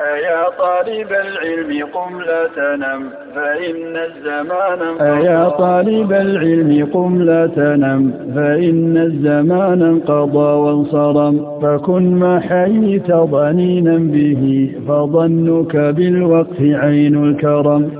أيا طالب العلم قم لا تنم فإن الزمان أيا طالب العلم قم لا تنم فإن الزمان انقضى وانصرم فكن ما حييت ظنينا به فظنك بالوقت عين الكرم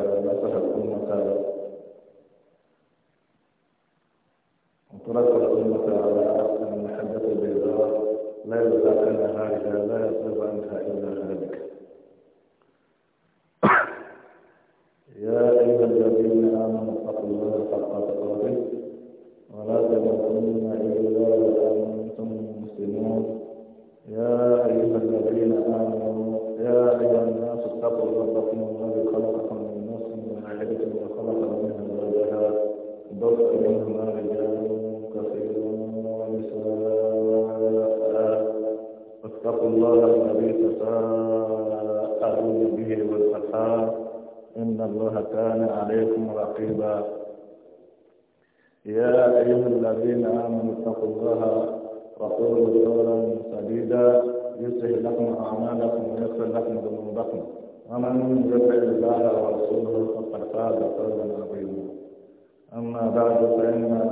ترك الأمة على المحبة البيضاء لا يزال عن نهارها لا يصرف عنها إلا هالك يا أيها الذين آمنوا اتقوا الله حق تقاته ولا تموتن إلا وأنتم مسلمون يا أيها الذين آمنوا يا أيها الناس اتقوا ربكم الذي خلقكم من نفس واحدة وخلق منها زوجها بصر منهما رجالا إن الله كان عليكم رقيبا يا أيها الذين آمنوا اتقوا الله وقولوا قولا سديدا يصلح لكم أعمالكم ويغفر لكم ذنوبكم ومن يطع الله ورسوله فقد فاز فوزا عظيما أما بعد فإن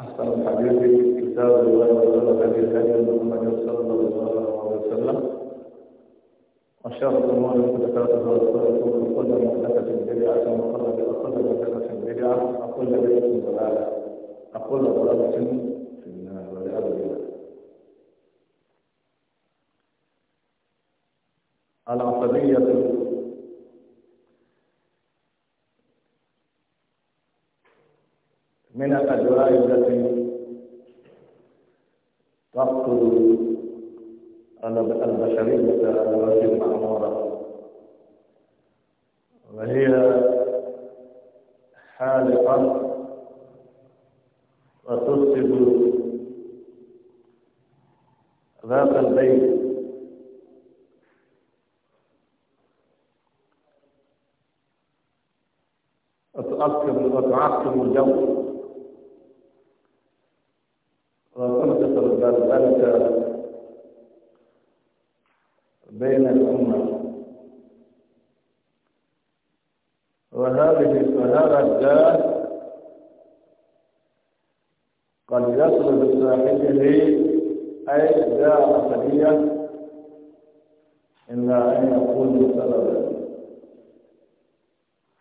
أحسن الحديث كتاب الله وخير الهدي محمد صلى الله عليه وسلم وشر الأمور محدثاتها وكل محدثة بدعة وكل وكل محدثة بدعة وكل بدعة ضلالة وكل ضلالة في النار والعياذ بالله. العصبية من الأدواء التي تقتل البشرية الوجه المعمورة وهي حالقة وتفسد ذات البيت وتعقم وتعقم الجو وتنقص البلبلة بين الأمة وهذه فهذا الداء قد يصل بصاحبه أي داء عصبية إلا أن يكون سببا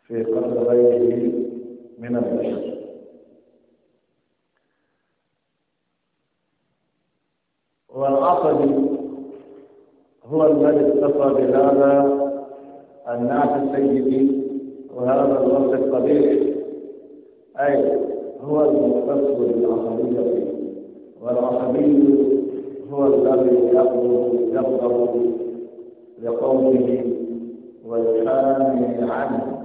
في قتل غيره من البشر هو الذي اتصى بهذا الناس السيد وهذا الوقت القبيح أي هو المختص بالعصبية والعصبي هو الذي يقبض لقومه ويحامي عنه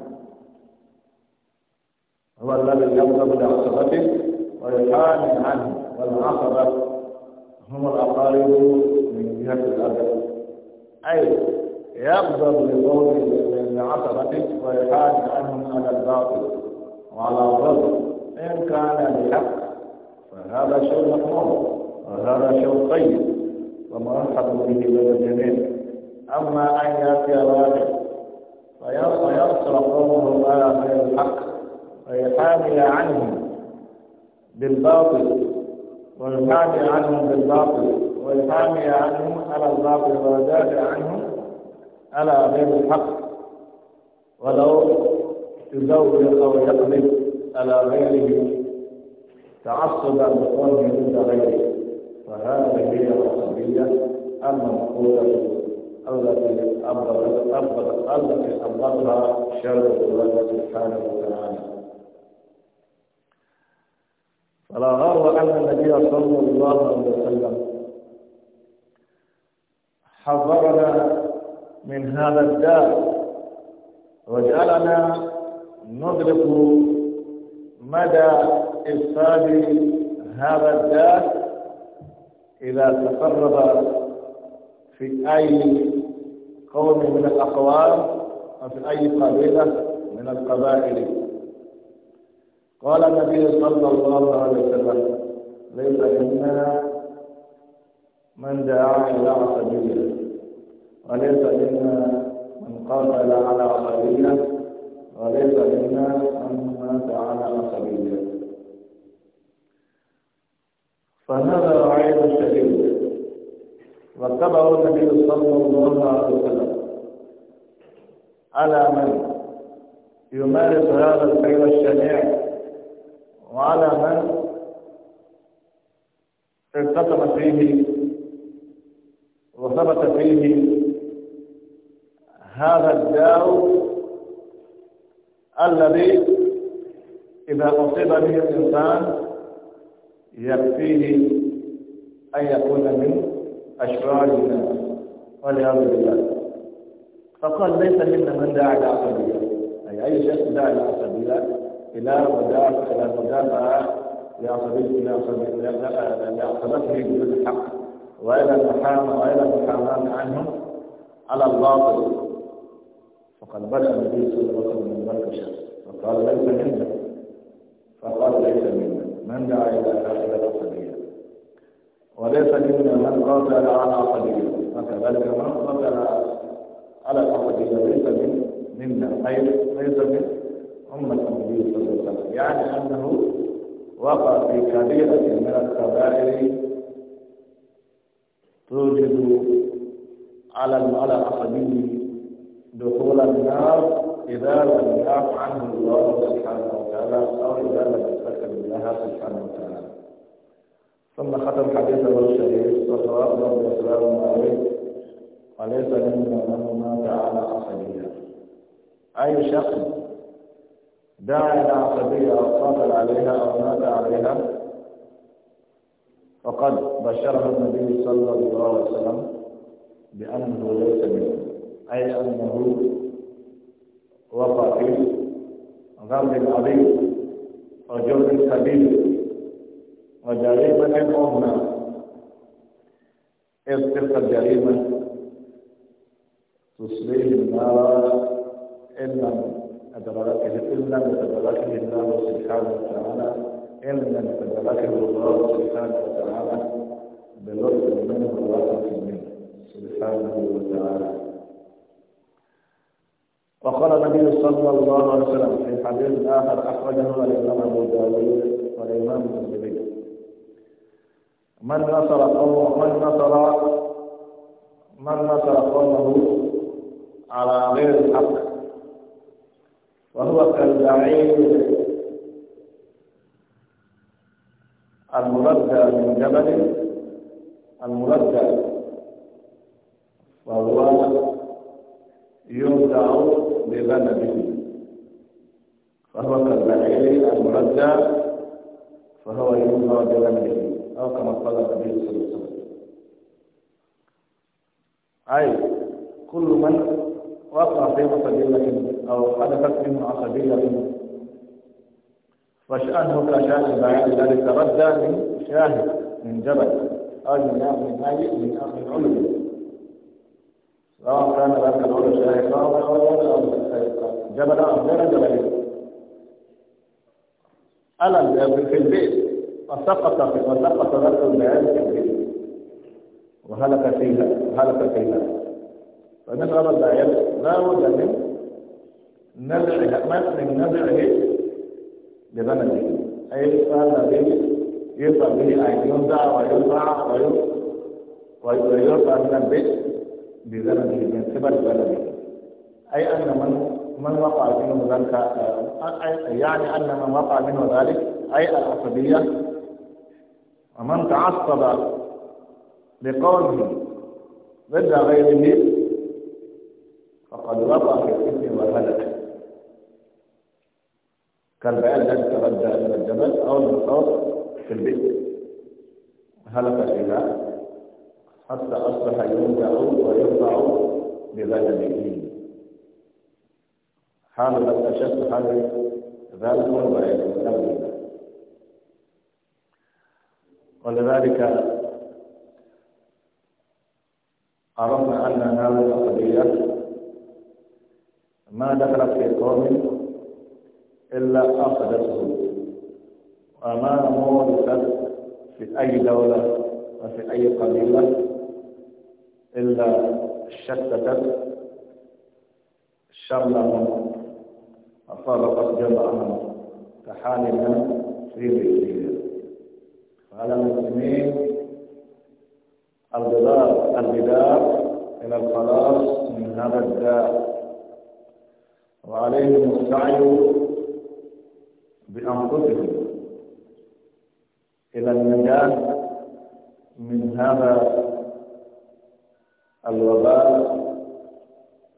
هو الذي يغضب لعصبته ويحامي عنه والعصبة هم الأقارب من جهة الأدب أي يغضب لقول العصبة ويحاج عنهم على الباطل وعلى الرد إن كان بحق فهذا شيء محمود وهذا شيء طيب ومرحب به لدى الجميع أما أن يأتي راجل فيصرف قومه على غير الحق ويحامل عنهم بالباطل ويحامل عنهم بالباطل والحامية عنهم على الباطل ويدافع عنهم على غير الحق ولو تزوج أو يقلب على غيره تعصبا لقوله ضد غيره فهذه هي العصبية المنقولة التي أبرزت التي أبرزها شر الله سبحانه وتعالى فلا غرو أن النبي صلى الله عليه وسلم حذرنا من هذا الداء وجعلنا ندرك مدى إفساد هذا الداء إذا تقرب في أي قوم من الأقوام أو في أي قبيلة من القبائل قال النبي صلى الله عليه وسلم ليس منا من دعا إلى عصبية وليس منا من قاتل على عصبية وليس منا من مات على عصبية فهذا وعيد الشديد واتبعه النبي صلى الله عليه وسلم على من يمارس هذا الخير الشنيع وعلى من ارتقم فيه وثبت فيه هذا الداء الذي إذا أصيب به الإنسان يكفيه أن يكون من أشرار الناس والعياذ بالله فقال ليس منا من داعي العصبية أي أي شخص داعي العصبية إلى مدافع إلى مدافع لعصبيته لعصبته بحق وإلى المحاماة وإلى المحاماة عنهم على الباطل فقد بدأ النبي صلى الله عليه وسلم من الشر فقال ليس منا فقال ليس منا من دعا إلى آخرة قضية وليس منا من قاتل على قضية فكذلك من قاتل على قضية ليس من منا أي ليس من أمة النبي صلى الله عليه وسلم يعني أنه وقع في كبيرة من الكبائر توجد على على العصبي دخول النار إذا لم يعف عنه الله سبحانه وتعالى أو إذا لم يستكن لها سبحانه وتعالى ثم ختم حديثه الشريف صلوات الله وسلامه عليه وليس منا من مات على عصبية أي شخص دعا إلى عصبية أو قاتل عليها أو مات عليها فقد بشره النبي صلى الله عليه وسلم بأنه ليس منه أي أنه وقع في غرب عظيم وجرم كبير وجريمة أمة إذ تلك الجريمة تصليه النار إن لم أدركه إن لم يتدركه الله سبحانه وتعالى إلا امتلك الله سبحانه وتعالى بلطف منه ورحمة منه سبحانه وتعالى وقال النبي صلى الله عليه وسلم في حديث آخر أخرجه الإمام أبو داوود والإمام الترمذي من نصر قومه من نصر من نصر قومه على غير الحق وهو كالبعير المرجع من جبل المرجع وهو يرجع بذنبه فهو كالبعير المرجع فهو يرجع بذنبه أو كما قال النبي صلى الله عليه وسلم أي كل من وقع في عصبية أو حدثت منه عصبية وشأنه كشأن بعيد الذي تردى من شاهد من جبل أو من من أي من أخذ علو سواء كان ذلك العلو شاهد أو جبل أو غير جبل ألم في البيت وسقط وسقط ذلك البعيد في البيت وهلك فيها وهلك فيها فمن رمى البعيد لا بد من نزعها من نزعه ببلده أي صار به يرفع به أن ينزع ويرفع ويرفع من البيت ببلده من قبل بلده أي أن من من وقع منه ذلك يعني أن من وقع منه ذلك أي العصبية ومن تعصب لقومه ضد غيره فقد وقع في الإثم والهلك بقى الذي يتغدى إلى الجبل أو المصطاد في البيت هلك الإله حتى أصبح يرجع ويرضع بغلبه حال لك أشد حال ذلك والبعير ولذلك عرفنا أن هذه القضية ما دخلت في قوم إلا أخذته وما مورثت في أي دولة وفي أي قبيلة إلا شتتت شملهم وفرقت جمعهم كحالنا في بيتهم على المسلمين البدار البدار إلى الخلاص من هذا الداء وعليهم السعي بأنفسهم إلى النجاة من هذا الوباء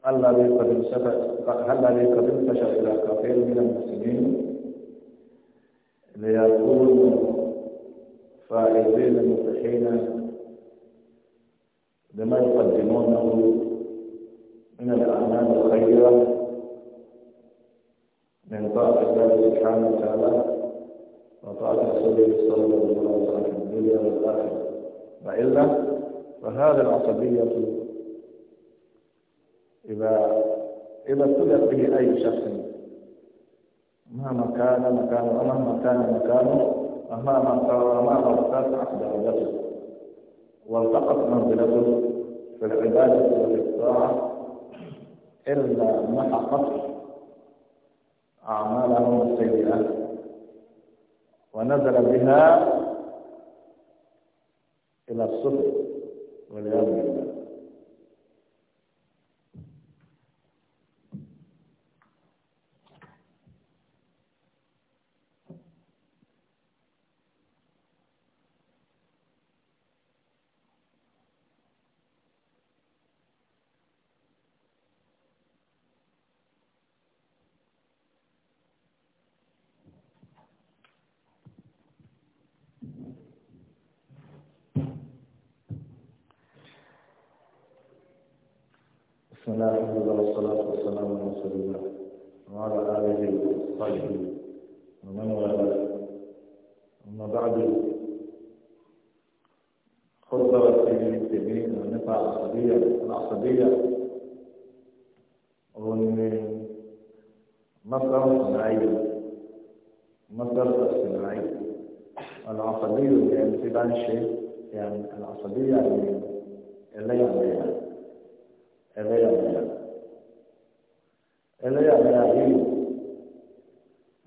الذي قد انتشر الذي قد انتشر إلى كثير من المسلمين ليكونوا فائزين المتحين بما يقدمونه من الأعمال الخيرة من طاعة الله سبحانه وتعالى وطاعة رسوله صلى الله عليه وسلم في الدنيا والآخرة وإلا فهذه العصبية إذا إذا ابتلت به أي شخص مهما كان مكانه ومهما كان مكانه مهما أمام ومهما ارتفعت درجته والتقت منزلته في العبادة وفي الطاعة إلا محقته أعمالهم السيئة ونزل بها إلى الصفر والعياذ بالله الله الحمد والصلاة والسلام على رسول الله وعلى آله وصحبه ومن والاه أما بعد خطبة سيدنا الكريم والنفع العصبية العصبية مصدر صناعي مصدر صناعي العصبية يعني تبع شيء يعني العصبية اللي يعني اللي يعني التعليم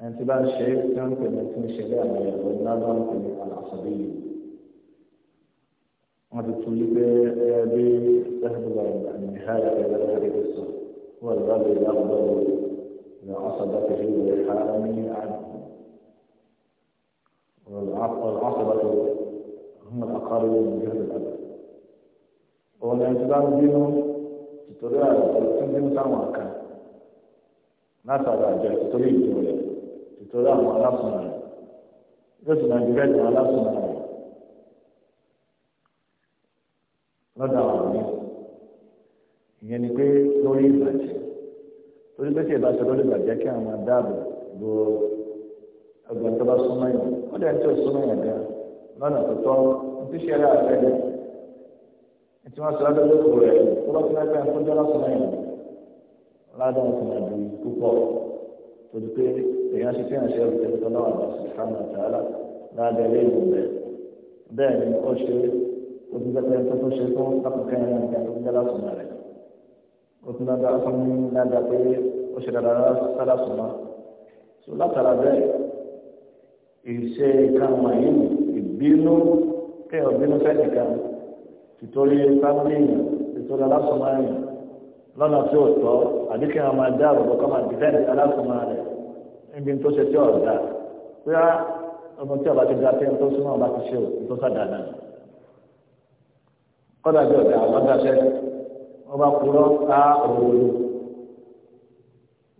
انتباه الشيخ كان في نتون ولا والنظر في العصبية هذا التوليب بتهدو النهاية إلى غير ذلك الصف والغالي يقبل لعصبته ويحامي عنه والعصبة هم الأقارب من جهة الأب والانتباه بينهم تتريد تنزل سامعك látara àjọ ìtòrí ìjọ rẹ̀ ìtòrí àwọn alásùnà rẹ̀ yóò sì máa dìbẹ́ ìtàn alásùnà rẹ̀ lọ́dọ̀ àwọn mi ìyẹn ni pé lórí ìbàjẹ́ torí pé tí ìbáṣẹ lórí ìbàjẹ́ kí àwọn máa bo ọgbọ̀n tó bá súnmọ́ yẹn ó dẹ̀ tí ò súnmọ́ yẹn gan lọ́nà tó tọ́ ní ṣe rẹ̀ àfẹ́ rẹ̀ tí wọ́n sọ rẹ̀ bá fún jọ́lá súnmọ́ púpọ̀ torí pé èèyàn ṣe fihàn ṣe ọ̀rọ̀ tẹ̀lé náà lọ sí sàmà tààlà lábẹ́ ilé ìwò rẹ̀ bẹ́ẹ̀ ni ó ṣe ó ti dẹ́pẹ́ tó tó ṣe tó lápapọ̀ ẹ̀yìn nígbà tó ń dára sùnmọ́ rẹ̀ ó ti dáadáa fún mi dáadáa pé ó ṣe dáadáa sára sùnmọ́ so látara bẹ́ẹ̀ ìṣe ìkàwọn àyè ìbínú kẹ́ ọ̀bínú fẹ́ẹ̀nìkan tìtorí fámìlì èèyàn tìtorí alásùnmọ́ èèyàn lọ́nà tí ó tọ́ àbí kí wọ́n máa dá àrùbọ̀ kọ́ máa dìfẹ́ǹsì aláṣọmọ rẹ̀ níbi tó ṣe tí ò dá pé á ọmọ tí ọba ti dá pé tó súnmọ́ ọba ti ṣe ò tó sàdá náà kọ́dà bí ọ̀dà ọba kúrọ́ á òwòlò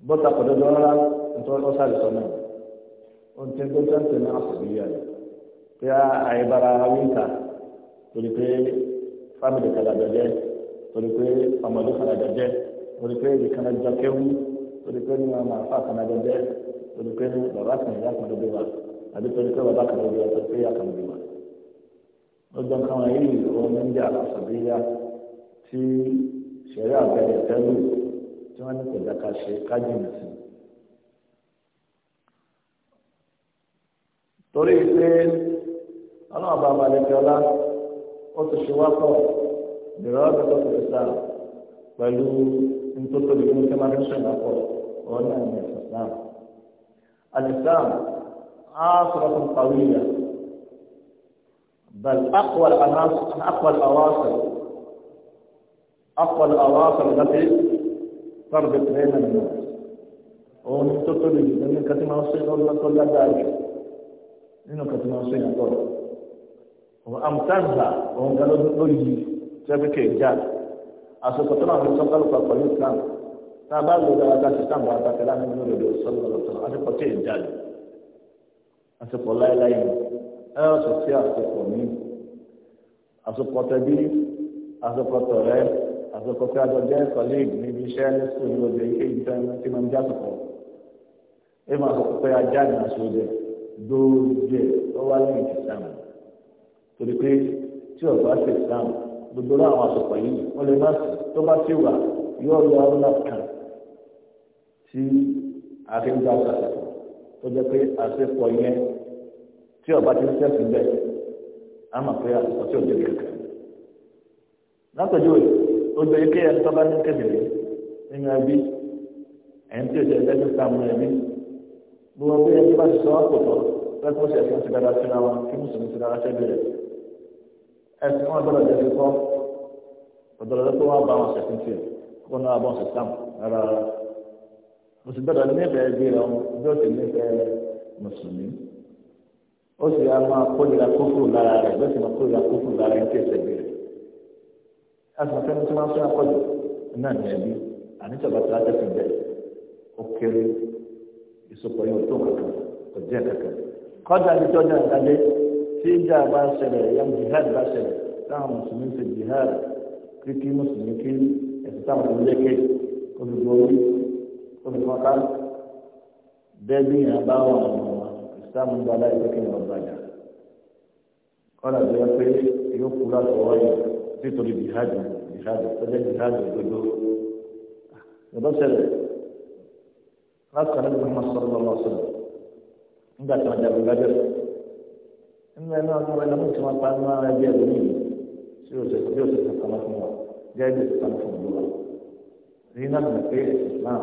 bọ́tà rárá nítorí sáré sọ náà ó ti tó tẹ́ǹtì náà rẹ̀ pé á àyè bára wíńtà torí pé fámìlì torí pé ọmọdé kan àjọ jẹ torí pé èdè kan àjọ kéwú torí pé nínú ọmọ àfa kan àjọ jẹ torí pé bàbá kan ìyá kan lóde wa àbí torí pé bàbá kan lóde wa torí pé ìyá kan lóde wa. lọ́jọ́ nǹkan wọn yìí ìṣòro ní ń jẹ́ àlàsàbíyá tí ṣẹ̀rí àbẹ̀rẹ̀ tẹ́lú tí wọ́n ní kò dáka ṣe kájìnà sí. torí pé ọlọ́run bá balẹ̀ fi ọlá ó ti ṣe wá pọ̀. ìrọ́lẹ̀ tó ti sá pẹ̀lú ntótó ìgbé ní kẹ́mà ní sọ̀rọ̀ pọ̀ ọ̀hún náà ní islam alislam á sọ̀rọ̀ fún kàwéyà bal akwa anas akwa awasir akwa awasir láti tọ́rọ̀ bẹ̀rẹ̀ bẹ́ẹ̀ náà nù ọ̀hún ntótó ìgbé ní kẹ́mà ní sọ̀rọ̀ tó lágbàá jù nínú kẹ́mà ní sọ̀rọ̀ pọ̀ ọ̀hún amtanza ọ̀hún galọ́ lórí yìí. sẹ́fíkì ìjà àsopọ̀ tó náà fi sọ kálukú àpọ̀lú islam tá a bá lò dára ká sí sáàmù àtàkẹ́ láti inú rẹ̀ lọ sọ́nà lọ́tọ̀ àsopọ̀ tó ìjà lò àsopọ̀ láéláé ẹ ẹ sọ sí àsopọ̀ mi àsopọ̀ tẹbí àsopọ̀ tọ̀rẹ́ àsopọ̀ tí a jọ jẹ́ kọ́lẹ́ẹ̀gì níbi iṣẹ́ ní sùn ní ọjọ́ ike ìjọ tí mo ń já sọ̀pọ̀ ẹ máa sọ pé ajá ní aṣọ jẹ dóòjẹ ọwọ́ alẹ́ ìsìlámù gbogbo náà àwọn àsopọ̀ yìí wọ́n lè má sí tó bá sí wà yóò lọ ọ́nà kan tí àfihàn sàṣàpọ̀ tó jẹ́ pé àṣepọ̀ yẹn tí ọba ti ń sẹ́sìn bẹ́ẹ̀ á mà pé àṣepọ̀ tí ò jẹ́ kankan. látọ̀jú rẹ̀ ó jẹ́ ike ẹni tó bá ní kékeré nínú ẹbí ẹni tí ò jẹ́ ẹgbẹ́ tó sàmú ẹbí gbogbo ẹni tó bá ti sọ ọ́ pọ̀ tọ́ lẹ́kọ̀ọ́ ẹ̀sìn ti dára sí ara kí mùsùlùmí ti dára sẹ́gbẹ̀ẹ́ ẹsẹ̀ wọn gbọ́dọ̀ jẹ́ kíkọ́ ọ̀dọ́dọ́ tó wọ́n bá wọn ṣẹ̀kún tiẹ̀ kó náà bọ́ ṣe sáàmù rárá rárá mùsùlùmí gbọ́dọ̀ nífẹ̀ẹ́ bí rẹ bí ó ti nífẹ̀ẹ́ mùsùlùmí ó sì á máa kórìíra kófù lára rẹ̀ bí ó sì máa kórìíra kófù lára rẹ̀ tẹ̀sẹ̀ bí rẹ̀ asùnfẹ́ ní tí wọ́n fẹ́ akọ́jọ náà ní ẹbí àníṣàbà tí wọ́n tẹ̀sí bẹ́ẹ̀ ó kéré ìsopọ̀ yóò tó kankan kò díẹ̀ tí ìjà bá ṣẹlẹ̀ yẹn jihad bá ṣẹlẹ̀ táwọn mùsùlùmí ṣe jihad kí kí mùsùlùmí kí ẹ̀sìn táwọn ọmọ jẹ́ kí kó fi borí kó fi fọ́nká bẹ́ẹ̀ bí yẹn bá wọn àwọn ìsìlámù ń bá láì pé kí wọ́n bàjá kọ́lá bí wọ́n pé yóò kú láti ọwọ́ yẹn jihad jihad tọ́jẹ́ jihad gbogbo ìbọn ṣẹlẹ̀ láti kàn ní bí wọ́n sọ̀rọ̀ lọ́wọ́ sọ̀rọ̀ nígbà tí wọ́n jagun nínú ẹni ọdún wọn lọ́mọ tí wọ́n pa nínú ara ẹbí ẹ̀rọ nìyí tí yóò ṣe yóò ṣe sàkàmọ́ fún wa gẹ́gẹ́ bí sàkàmọ́ fún wa rí náà mọ̀ pé islam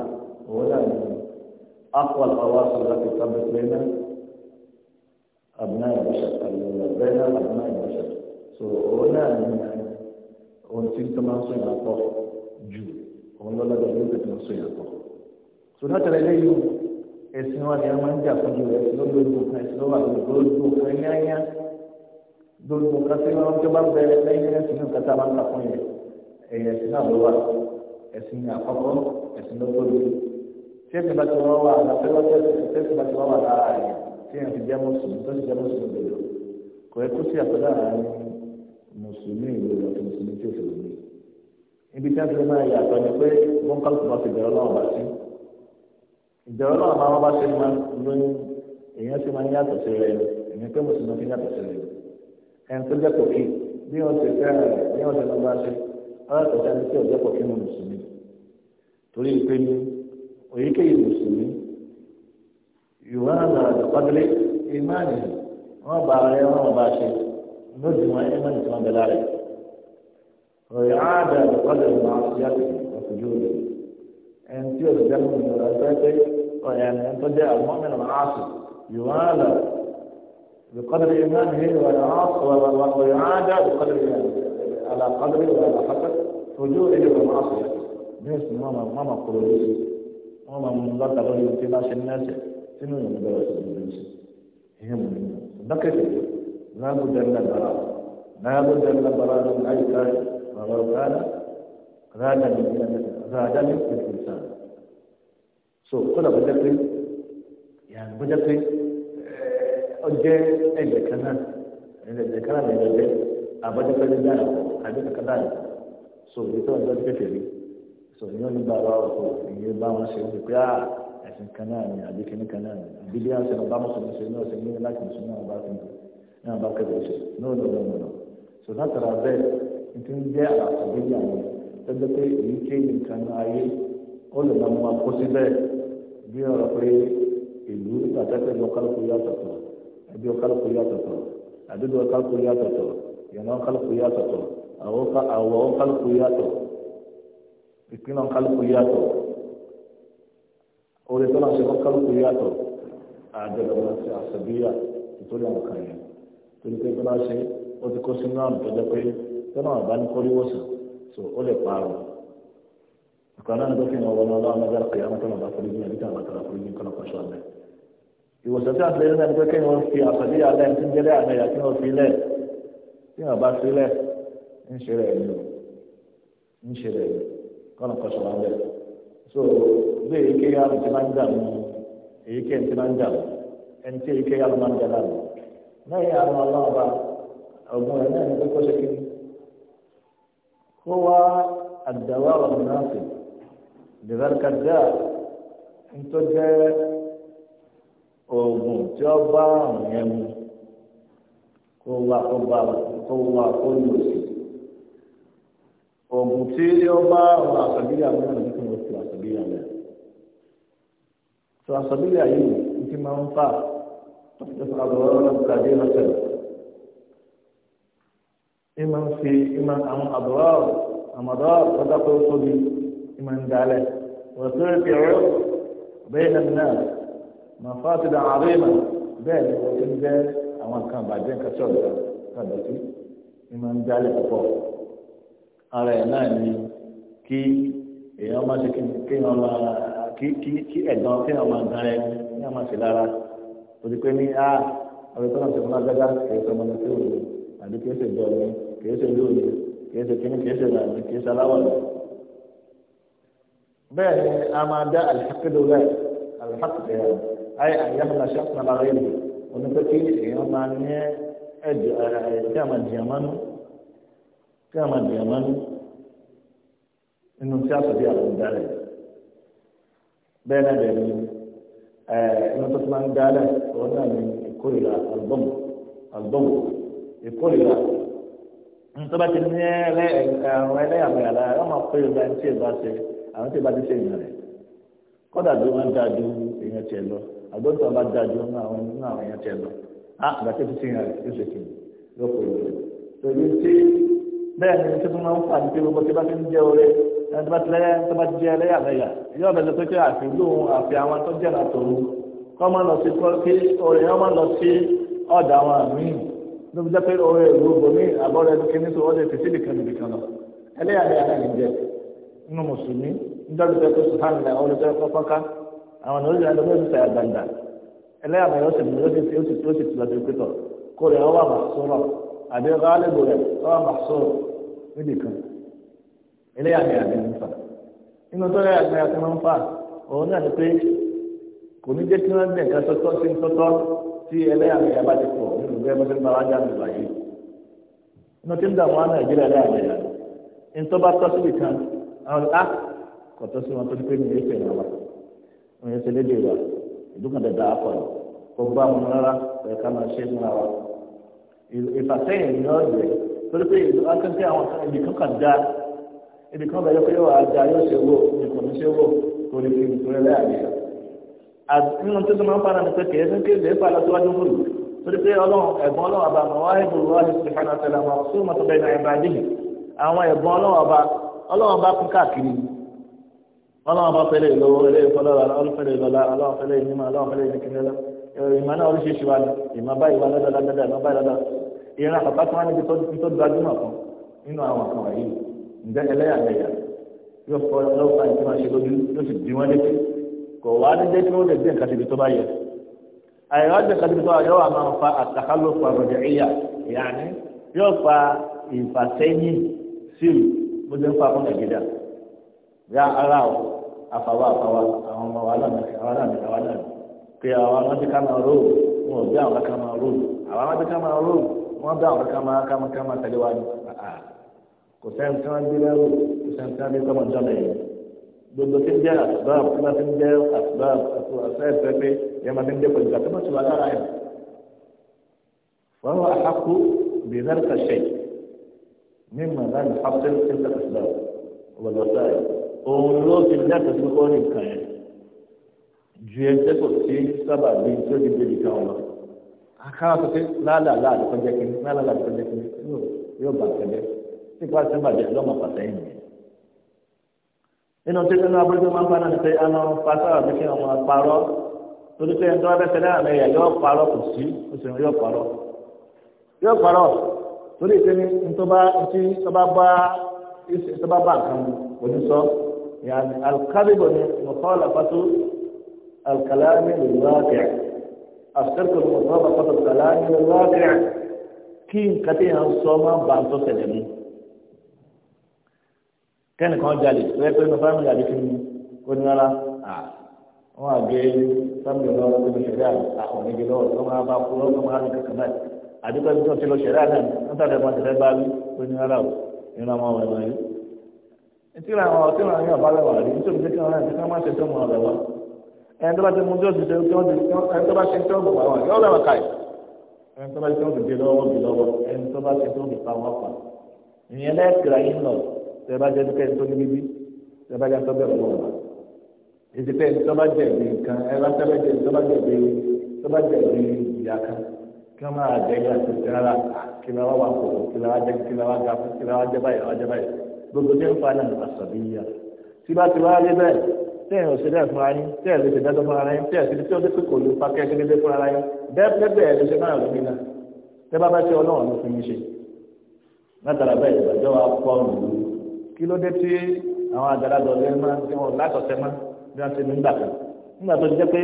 òun náà ní akọ àlọ́wọ́ aṣọ láti sábẹ́ pé náà àbúnáyà bọ́ṣà àlọ́wọ́ bẹ́ẹ̀ náà àbúnáyà bọ́ṣà so òun náà ní ohun tí tó máa ń sọ ìyàtọ̀ ju òun lọ́lọ́dọ̀ ló ń pè tó ń sọ ìyàtọ̀ so látàrí eléyìí ẹ̀sìn wọn ni a máa ń jà fún ìwé ẹ̀sìn lórí nǹkan ẹ̀sìn lọ́wọ́ àti lórí nǹkan yányá lórí nǹkan tí wọn tó bá ń bẹ lẹ́yìn ẹ̀sìn nǹkan tá a máa ń kà fún yẹn ẹ̀yìn ẹ̀sìn náà ló wà ẹ̀sìn ní àkọ́kọ́ ẹ̀sìn lọ́tọ́ lórí tí ẹ̀sìn bá ti wọ́n wà láti lọ́tọ́ ẹ̀sìn bá ti wọ́n wà lára rẹ̀ tí ẹ̀yìn ti jẹ́ mùsùlùmí tó ti jẹ́ mùsùlùmí lò kò ẹ kó sí àtọ́lá àárín mùsùlùmí ìlú ìjọba náà máa wọ́n bá ṣe máa lóyún èèyàn ṣe máa ń yàtọ̀ sí rẹ̀ èèyàn pé mùsùlùmí fi yàtọ̀ sí rẹ̀ ẹni tó jẹ́ kòkí bí wọ́n ṣe fẹ́ràn rẹ̀ bí wọ́n ṣe máa bá ṣe ọlọ́tọ̀ sí ẹni tí ò jẹ́ kòkí mu mùsùlùmí torí pé ní òyíkéyìí mùsùlùmí yorùbá náà àdàpàdélé ìmáàní wọn bá rẹ wọn bá ṣe lójú wọn ìmáàní tí wọn bẹ lára rẹ̀ àdàpàdélé máa يعني المؤمن العاصي يوالى بقدر إيمانه ويعاص ويعادى بقدر إيمانه يعني على قدر وعلى حسب وجوده ومعاصيته بحيث ما ما ما قلوبه وما من ذاك الرجل امتلاش الناس شنو يوم درس الناس هم دقيقة لا بد من البراءة لا بد من البراءة من أي كائن ولو كان غادا من من الإنسان so kódà bó jẹ́ pé yàrá bó jẹ́ pé ọjẹ́ ẹgbẹ̀ kan náà ẹgbẹ̀ kan náà lè jẹ́ àbájọ́ pé ní dáhà àbí kankan dáhà so èyí tó ń jẹ́ pẹ̀fẹ̀ rí so ìyọ́n ní bàbá ọkọ̀ ìyẹn bá wọn ṣe wípé a ah, ẹ̀sìn kan náà ni àbí kíní kan náà ni àbí bí wọ́n ṣe bá mùsùlùmí ṣe náà ṣe ní láti mùsùlùmí náà bá fi náà bá náà ló lọ́wọ́ so látara bẹ́ẹ̀ n ti ń jẹ́ àtàbí àwọn ẹgbẹ́ pé èyíkéyìí nǹkan ayé ó bí ọ̀rọ̀ pé ìlú àtẹ́fẹ́ ní ọkàlùkù yàtọ̀tọ̀ ẹbí ọkàlùkù yàtọ̀tọ̀ àdúgbò ọkàlùkù yàtọ̀tọ̀ ìyànà ọkàlùkù yàtọ̀tọ̀ àwọ̀ ọkàlùkù yàtọ̀ ìpínlẹ̀ ọkàlùkù yàtọ̀ orí tó náà ṣe ọkàlùkù yàtọ̀ àjọyọ̀ àṣàbíyà ìtòlì àwọn kan yẹn torí pé tó náà ṣe ó ti kó sínú àrùn tó jẹ pé tó náà bá ní kórìwòsàn so ó lè parun kana na dofin wa wani Allah na zarka ya mutana ba kullum ya bita ba kana kullum kana ko shi Allah iwo sa ta dare na ko kai won fi asali ya Allah tin dare ana ya kin fi le ya ba fi le in shire ni in shire ni kana ko shi Allah so be ke ya mutana da mu e ke mutana da en ce ke ya man da na ya Allah ba ọgbọ́n ẹ̀ náà ni pé kó ṣe kí ni kó wá àdáwà ọ̀nà dìrẹ́lìkà dá nítorí jẹ́ oògùn tí ó bá àrùn yẹn mu kó wá kó bá kó wá kó lò sí oògùn tí ó bá àrùn àṣàbíyà mú náà nítorí oṣù àṣàbíyà rẹ̀ tó àṣàbíyà yìí ti máa ń fà tó fi tẹ̀sán àbọ̀wọ́ lọ́dún ìmọ̀ ń fi ìmọ̀ àwọn àbọ̀wọ́ àmọ̀dọ́ ọ̀dọ́ pé ó tóbi. من ذلك وترفع بين الناس مفاسد عظيمة بين وتنزل أو كان بعدين كسر كذا من ذلك فوق على ناني كي èèyàn máa ṣe kéèyàn máa kí kí kí ẹ̀gbọ́n kéèyàn máa gan ẹ kéèyàn máa ṣe lára torí pé ní a ọ̀rẹ́ tó náà ṣe fún agbára kìí ṣe ọmọdé tó wù àbí kìí ṣe ìjọ mi kìí ṣe ìlú mi kíní kìí ṣe ìlànà aláwọ̀ mi أما أمادة الحق دولاي الحق دولة أي أن يبنى شخصنا على غيره ونفتي يوم أن كما ديامان كما ديامان إنه سياسة بيها دالي بين بين إنه تطمان دالي وأنا من كل الضم الضم يقول إلى أنت بقى تنيا لا ولا يا ملا يوم أقول بنتي بس àwọn tí ìbá ti ṣe èèyàn rẹ̀ kọ́dà tó máa ń da ju èèyàn tiẹ̀ lọ àgbọ̀ntò àbá da ju nínú àwọn èèyàn tiẹ̀ lọ á ah, ìgbà tó ti ṣe èèyàn rẹ̀ yóò ṣe kì í yóò pè é torí tí bẹ́ẹ̀ ni tí wọ́n máa ń fà ní pé gbogbo tí bá ti ń jẹ́ orí ẹni tí bá ti lẹ́yìn tó bá ti jẹ́ ẹlẹ́yàmẹ̀yà yóò bẹ̀rẹ̀ pé kí àfi lóhun àfi àwọn tó jẹ́ látòun kọ́ máa náà ń jẹ́ nínú mùsùlùmí níjọ́bí tẹ́ kó sùhánù náà ọ̀rọ̀ tẹ́ kọ́ fọ́ká àwọn ọ̀nà oríṣiríṣi àdókòwò ti sàyà gbàǹdà ẹlẹ́yàmẹ̀ yóò sì mú yóò sì tí ó sì tó sì tì lọ́dún pétọ̀ kó rẹ̀ ọwọ́ àmàsọ́rọ̀ àbí ọ̀gá àlẹ́bù rẹ̀ ọwọ́ àmàsọ́rọ̀ níbì kan ẹlẹ́yàmẹ̀ àbí ń nínú tó ẹlẹ́yàmẹ̀ àti máa fà òun náà ni pé kò ní jẹ́ kí wọ́n gbẹ̀ nǹkan tọ́tọ́ sí tọ́tọ́ tí ẹlẹ́yàmẹ̀ bá ti pọ̀ nínú bẹ́ẹ̀ mọ́tò bá wá mi wáyé inú tí ń dààmú àwọn Nàìjíríà ẹlẹ́yàmẹ̀ yà ń tọ́ bá tọ́ síbì kan àwọn ọ̀dọ́ kọ̀tọ́ sí wọn tó ní pé mi ò fẹ́ náà wá wọn yẹn ṣe lédè wa ìdúkàn dàda akọ yìí kò bá wọn rárá ẹ ká máa ṣe fúnra wa ìfàsẹ́yìn ni ó yẹ torí pé ìlú akẹ́kẹ́ àwọn ibi kan kàn dá ibi kan bẹ̀rẹ̀ pé yóò da yóò ṣe wò ìkọ̀ ní ṣe wò kò lè fi ìtúrẹ́ lẹ́yà ní ẹ̀. àdúgbò tó tó máa ń fara ní pé kìí ṣe kí lè fà lọ́síwájú fún mi torí pé ọlọ́run ẹ̀gbọ́n ọlọ́run ọlọ́run bá kún káàkiri ọlọ́run bá fẹ́lẹ̀ lọ́wọ́ eléyìí bó ṣe ń fa fún nàìjíríà ya ara o àfàwà àfàwà àwọn ọmọ wa náà àwọn náà ní àwọn náà pé àwọn ọmọdé ká máa róòlù wọn ò bí àwọn ká máa róòlù àwọn ọmọdé ká máa róòlù wọn bí àwọn ká máa ká máa ká máa tẹ̀lé wa ní kò sẹ́ni tí wọ́n gbé lẹ́rù kò sẹ́ni tí wọ́n gbé kọ́mọ jọ́nà yìí gbogbo tí ń jẹ́ àtúbáàbù tí wọ́n ti ń jẹ́ àtúbáàbù àtúbáàbù ẹ̀fẹ́ pé ìyẹn máa ti ń jẹ́ pẹ̀lú àtúbáàbù tí wọ́n lára yẹn. wọ́n wá àkú bìnnẹ́rì kàṣẹ́ yìí mímọ̀ láti pápẹ́ ṣẹ́ńtà ìgbà ọ̀gbọ̀dọ̀ sáyẹ̀ òun ló ti dáàtọ̀ sí kọ́ nìkan yẹn ju ẹgbẹ́ kò sí sábà bí tó ti bèèrè kan lọ akáwà tó ti lálàlá àdìkọjẹ kìíní lálàlá àdìkọjẹ kìíní yóò bà tẹ́lẹ̀ nípa tí ń bàjẹ́ lọ́mọ pàtẹ́ yìí nínú tí nínú abúlé máa ń bá náà ní pé àná pàṣẹ àbí kí wọn máa parọ́ torí pé ẹni tó wá bẹ́sẹ̀ náà lẹ́yìn yóò parọ́ kò sí ó sì ń yóò parọ́ yóò parọ́ torí ìpínlẹ̀ ntọ́ba ntí tọ́ba bá tọ́ba bá nǹkan òní sọ alikálíbọ̀ ni mọ̀kànlá pàtó alikalámi lọ́wọ́dẹ̀ asẹ́kọ̀ọ́ mọ̀kànlá pàtó alikalámi lọ́wọ́dẹ̀ kí nǹkan tí yẹn ń sọ máa ń bá ń tọ́ tẹ̀lé mu kẹ́nìkan jalè lọ́wọ́ pé nípa mi yàrá fún mi ó ní rárá wọ́n á gbé sámi lọ́wọ́ tó ní ṣẹ̀dá àwọn ìgbẹ́ tó máa bá kú lọ́wọ́ tó máa ní kankan báyìí àdúgbò tí wọ́n ti lọ ṣẹ̀dá náà wọ́n sàlẹ̀ mọ́ tẹ̀lé bá wí ó ní rárá o nínú àwọn ọmọ ẹ̀wọ̀n yìí. ìtura àwọn ọtí wọn ní ọba lẹwà rí nítorí pé kí wọn náà ti ká má ṣe tó mọ ọ̀rẹ́ wa ẹni tó bá ti mú tí ó ti ṣe tí wọn ti ẹni tó bá ṣe tí ó gbọ àwọn yóò lẹwà káyì ẹni tó bá ṣe tó ti gbé lọ́wọ́ gbé lọ́wọ́ ẹni tó bá ṣe tó ti pa wọn pa ìyẹn lẹ́ẹ̀kìlá yín lọ tẹ bá jẹ pé tó ní bíbí tẹ bá jẹ tó bẹ̀rù wọn wà èsì pé tó bá jẹ̀bi nǹkan ẹ bá tẹ́lẹ̀ jẹ̀bi tó kí wọ́n máa dẹ́gbẹ́ àti kílára kílára wà kó kílára jẹ́ kílára ga fún kílára jẹ́ báyìí kílára jẹ́ báyìí gbogbo ní nfa náà àsọ̀bí yíya tí bá ti wá rí bẹ́ẹ̀ tẹ́yìn òṣèlú ẹ̀fún ara yín tẹ́yìn lè ṣe dájọ́ fún ara yín tẹ́yìn síbi tí ó dé pé kò lè pa kẹ́kẹ́ dédé fún ara yín bẹ́ẹ̀ bẹ́ẹ̀ lè ṣe máa lò mí náà tẹ́ bá bá ṣe ọlọ́run ló fún mi ṣe látara bẹ́ẹ̀ ìgbàjọ́ wa pọ̀ nùlù kí ló dé tí àwọn àgbàlagbà ọ̀lẹ́ máa ń tẹ́wọ̀n látọ̀tẹ́ máa bí wọ́n ti ní gbà kan nígbà tó ti jẹ́ pé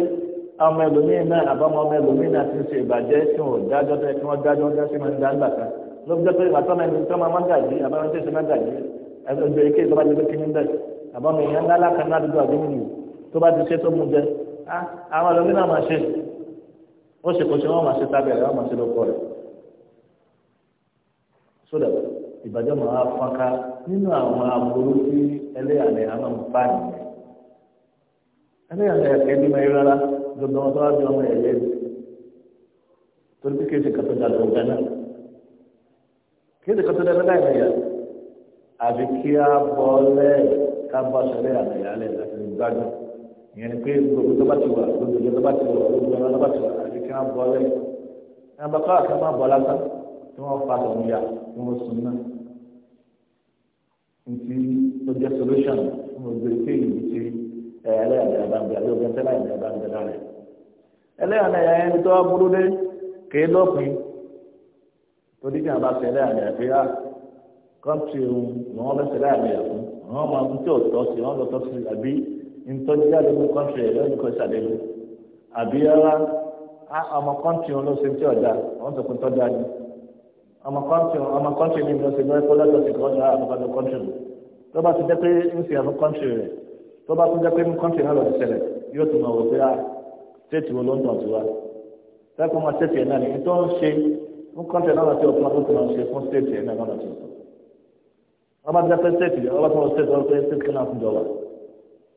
ọmọ ẹlòmíín náà àbámọ ọmọ ẹlòmíín náà ti ń ṣe ìbàjẹ́ tí wọn dájọ́ tẹ́ tí wọ́n dájọ́ tẹ́ sí máa ń dá ńgbà kan ló fi jẹ́ pé àtọ́mọ ẹni tó máa ń gàdí àbámọ tó ṣe máa ń gàdí ẹgbẹ́ ike tó bá ti kí ní bẹ̀ àbámọ èèyàn ńlá kan náà dúdú àbí nìyí tó bá ti ṣe tó mú jẹ àwọn ẹlòmíín náà máa ṣe ó ṣe kò ṣe wọn máa ṣe tábẹ̀ rẹ̀ wọn máa ṣe lóko rẹ̀ sódà ìbàjẹ́ máa rárá gbogbo wọn tó wá bí ọmọ ẹ̀yẹ torí kéèké kàtó dàgbà ọ̀gá náà kéèké kàtó dàgbà náà ẹ̀yà àbí kí á bọ́ lẹ́ ká bá sọlẹ̀ àlàyé alẹ́ láti lè gbádùn ìyẹn ni pé gbogbo tó bá ti wà gbogbo tó bá ti wà gbogbo tó bá ti wà àbí kí á bọ́ lẹ́ ẹ̀ ẹ̀ bá káwá kí á má bọ́ lásán tí wọ́n fa tòun yà tí wọ́n sun náà. àbí àbí ọ̀gá ńlá ìyẹn bá ń bẹ láàrin ẹlẹ́yà náà yà ẹni tó wá burú dé kéé lọ́pin torí kí àwọn bá ṣe ẹlẹ́yà kọ́ńtì òun ni wọ́n bẹ́ ṣe ẹlẹ́yà náà fún àwọn ọmọ akúntì ọ̀tọ̀ sí wọn lọ́tọ̀ sí àbí ntọ́jáde fún kọ́ńtì ẹ̀ lọ́dún kan ṣàlẹ́lú àbí ara ah, ọmọ kọ́ńtì òun ló ṣe tí ọ̀dà wọ́n sọ pé tọ́jà ni ọmọ kọ́ńtì ọmọ kọ́ńtì mi ló ṣe lọ́ẹ́kọ́ lọ́dọ̀ sí kọ́ńtì tó bá tún jẹ́ pé kọ́ńtì náà lọ ṣẹlẹ̀ yóò tún máa wò pé ah, stéètì wo ló ń tàn sí wa sẹ́kọ̀ọ́ máa stéètì ẹ̀ náà ni tó ń ṣe fún kọ́ńtì náà lọ sí ọ̀tún tó tún máa ṣe fún stéètì ẹ̀ náà lọ́dọ̀ sí ọ̀tún wọ́n bá jẹ́ pé stéètì ọba tó ń stéètì ọba tó ń stéètì náà fún jọba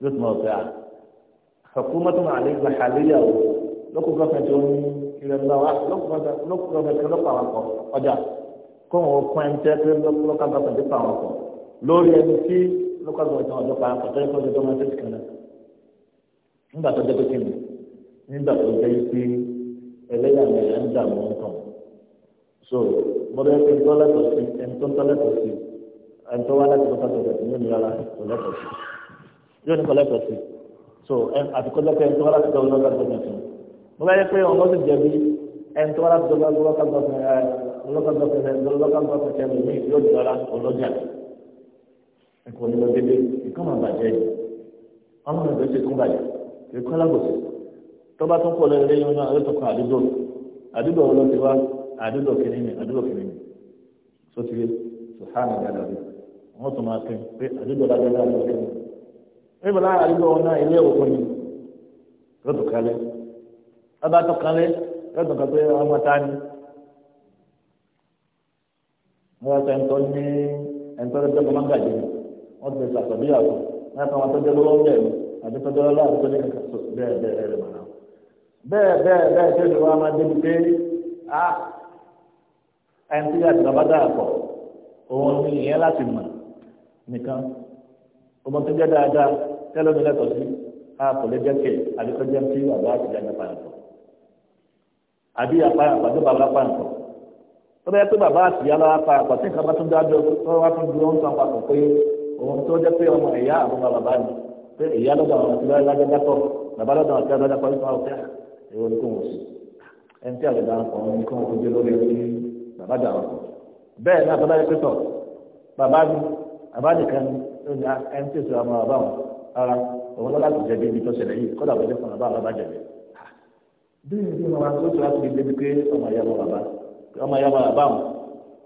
yóò tún máa pé ah, hukumatu maale gbahaliya o lóko gọfẹtì o ní ilẹ̀ o lọ́pàá wọn kọ ń lókọ́ gbọ́ ìtàn ọ̀dọ́ pa àpọ̀tọ́ ẹ̀kọ́ ọ̀dọ́ máa tẹ̀sí kan náà nígbà tó dẹ́gbẹ́ kí ni nígbà tó dẹ́ pé ẹlẹ́yàmẹ̀yà ń dà wọ́n tàn so mọ́tò ẹ̀kọ́ ń tọ́ lẹ́tọ̀ sí ẹni tó ń tọ́ lẹ́tọ̀ sí ẹni tó wá láti bọ́tà tó dẹ̀tí yóò ní rárá kò lẹ́tọ̀ sí yóò ní kò lẹ́tọ̀ sí so àtikọ́ lẹ́tọ̀ ẹni tó wá láti dọ́wọ́ lọ́gà tó dẹ̀tí mo bá yẹ pé ọ̀nà ti jẹ̀bi wá láti nǹkan ní lọ dédé nǹkan máa bàjẹ́ yìí ọmọ náà ṣe kún bàjẹ́ kì kọ́ alábòsí tọ́ba tó ń kọ́ lọ ilé náà lọ́tọ̀ àdúgbò àdúgbò wọn lọ ti wá àdúgbò kìíní ni àdúgbò kìíní ni wọn tún máa pín pé àdúgbò àdúgbò wọn náà ilé ni lọ́tọ̀ kalẹ̀ ọba tó kalẹ̀ lọ́tọ̀ ọmọ ta ni wọ́n ti gbèsè àtọ̀bíyàwó náà fún wọn tó jẹ́ lọ́wọ́ bẹ́ẹ̀ ni àbí tó jẹ́ lọ́wọ́ àti tó ní kankan so bẹ́ẹ̀ bẹ́ẹ̀ rẹ̀ mọ̀nà. bẹ́ẹ̀ bẹ́ẹ̀ bẹ́ẹ̀ tó ìdìbò àwọn adé ti pé a ẹni tí àti bàbá dára pọ̀ òun ni ìyẹn láti mọ̀ nìkan ọmọ tó jẹ́ dáadáa tẹ́lẹ̀ mi lẹ́tọ̀ọ́ sí a kò lè jẹ́ kè àbí tó jẹ́ kí bàbá àti jẹ́ nípa ẹ̀kọ́ àbí àpáyàpá tó bàbá pàǹkọ̀ tó bẹ́ẹ̀ pé bàbá òun tó jẹ́ pé ọmọ ìyá àwọn bàbá ni pé ìyá lọ́dọ̀ àwọn àti lọ́dọ̀ lágbẹ́dàpọ̀ bàbá lọ́dọ̀ àti lágbẹ́dàpọ̀ nípa ọ̀fẹ́ èwo ni kò wọ́n sí ẹni tí àgbẹ̀dà ọkọ̀ ni kò wọ́n fojú lórí ẹni bàbá dà ọkọ̀ bẹ́ẹ̀ náà bàbá yẹ pé tọ̀ bàbá mi bàbá nìkan ni ẹni tí ìṣòro àwọn bàbá wọn ara òun lọ́dọ̀ àti jẹ̀bi ibi tó ṣẹlẹ̀ yìí kọ́dà bọ́jọ́ fún bàbá bàbá jẹ̀bi bí ìdí ọmọ wa tó tó láti di débi pé ọmọ ìyá bàbá ọmọ ìyá bàbá wọn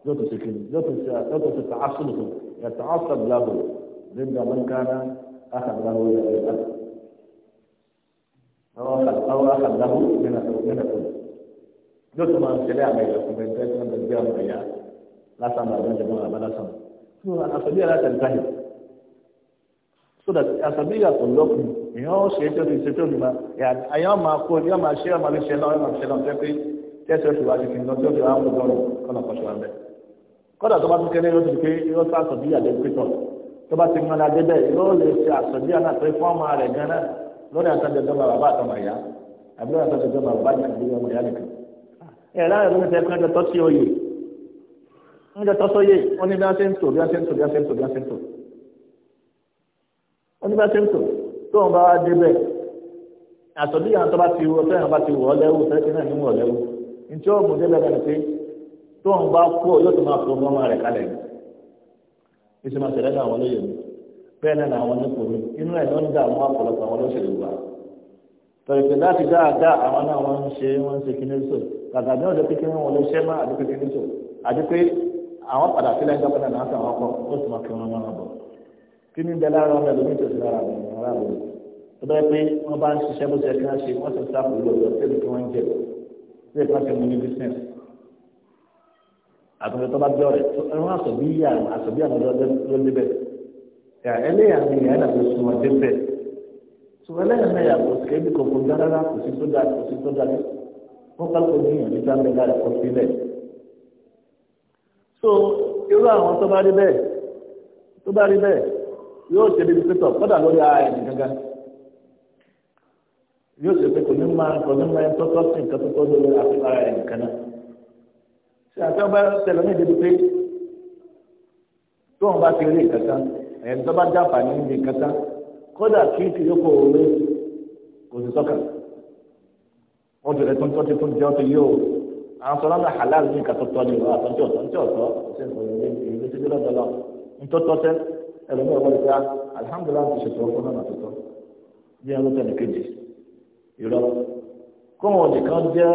yóò tó ṣe kiri yóò tó ṣe yóò tó ṣe ta asúlùkù yàtọ̀ asúlùkù lábò nígbà wọn kára akàdáwó yàrá yàrá àwọn akàdáwó nínà tó nínà tó yóò tó máa ń ṣẹlẹ̀ àmì ẹ̀yà fún bẹ́ẹ̀ tó ń bẹ gbé àmì ẹ̀yà lásán bá bẹ́ẹ̀ jẹ̀mọ́ àbá lásán tó àṣàbíyà láti àgbáyé so that àṣàbíyà kò lọ́kùn èèyàn ó ṣe é tó fi ṣe tó fi máa èèyàn máa kó kọ́dà tó bá tún kẹ́lẹ́ yóò ti pé yóò sá àsọ̀bí àlẹ́ pípọ̀ tó bá ti mọ́ra dé bẹ́ẹ̀ yóò lè ṣe àsọ̀bí àná pé fọ́ọ̀mù rẹ̀ gan-an lórí àtàjọ jọba bàbá àtọmọ ìyá àbí lórí àtàjọ jọba bàbá àti ọmọ ìyá nìkan. ẹ láàrin ló ń tẹ kánjọ tọ́ sí oyè ń jọ tọ́ sóyè wọ́n ní bí wọ́n ṣe ń tò bí wọ́n ṣe ń tò bí wọ́n ṣe ń tò bí wọ́n ṣe ń tò wọ́n ní bí wọ́n ṣe ń tò tó ń bá wá dé bẹ́ẹ̀ àsọ̀bí àtọ́ tó ń bá kú ọ yóò tó máa fọ ọmọ rẹ kalẹ̀ ní ìṣe máa ṣẹlẹ̀ náà àwọn olóyè mi bẹ́ẹ̀ náà àwọn onípò mi inú ẹ̀ ló ń dà àwọn ọ̀pọ̀lọpọ̀ àwọn olóṣèlú wa tọ̀yọ̀tọ̀ láti dáadáa àwọn náà wọ́n ń ṣe wọ́n ń ṣe kí ní sọ kàkà bí wọ́n lè kékeré wọn lè ṣe má àti pé kí ní sọ àti pé àwọn padà sílẹ̀ ń dọ́kọ̀dà náà sàwọn ọkọ̀ ó sì máa kí wọn wọn bọ̀ kí ní lára ọmọ ẹlòmíì tó lára mi ara mi tó bẹ́ẹ̀ pé wọ́n bá ń ṣiṣẹ́ bó ṣe kí wọ́n ṣe wọ́n ti sáfù lóòótọ́ sí ibi tí wọ́n ń jẹ lọ sí ìpàṣẹ mú ní bísíǹsì àtúntò tó bá bí ọ̀rẹ́ ẹwọn àsọbí yà àsọbí àwọn ọdọ ló débẹ̀ yà ẹlẹyà mi yà ẹlẹyà mi sùn ọdẹ bẹ sùn ẹlẹyà mi yà kò sí ẹbí kòkó dáadáa kò sí tó dáa kò sí tó dáa wọn kà ní ìyànjú tá a mẹ kò sí bẹ. so irú àwọn tó bá rí bẹ́ẹ̀ tó bá rí bẹ́ẹ̀ yóò ṣe bí pípẹ́ tọ̀ kọ́dà lórí ara ẹni gangan yóò ṣe pé kò ní máa kò ní máa tọ́tọ́ sí nǹkan tó tọ́jú lórí kan ṣé àti ọba tẹlẹ ní ìdíje pé tó wọn bá ti rí ìkàtà ẹni tó bá jáfa ní ìdí ìkàtà kódà kí ti yókò òwe kò sí sọ́kà wọ́n ti rẹ̀ tó ń tọ́ ti tún jẹ́ ọ́tún yóò àwọn sọ lọ́nà halal ní ìkàtọ́ tọ́ ni wọ́n àtọ́jú ọ̀tọ́ ní ọ̀tọ́ ṣe ń sọ̀rọ̀ ìwé tí gbọ́dọ̀ dọ́lọ́ ń tọ́ tọ́ sẹ́ ẹlòmíì ọ̀wọ́ ìgbà alihamudulilayi ti ṣètò ọkọ náà àtọ́tọ́ bí ẹni tó ní kejì ìrọ̀ kóhùn ọ̀dì kan jẹ́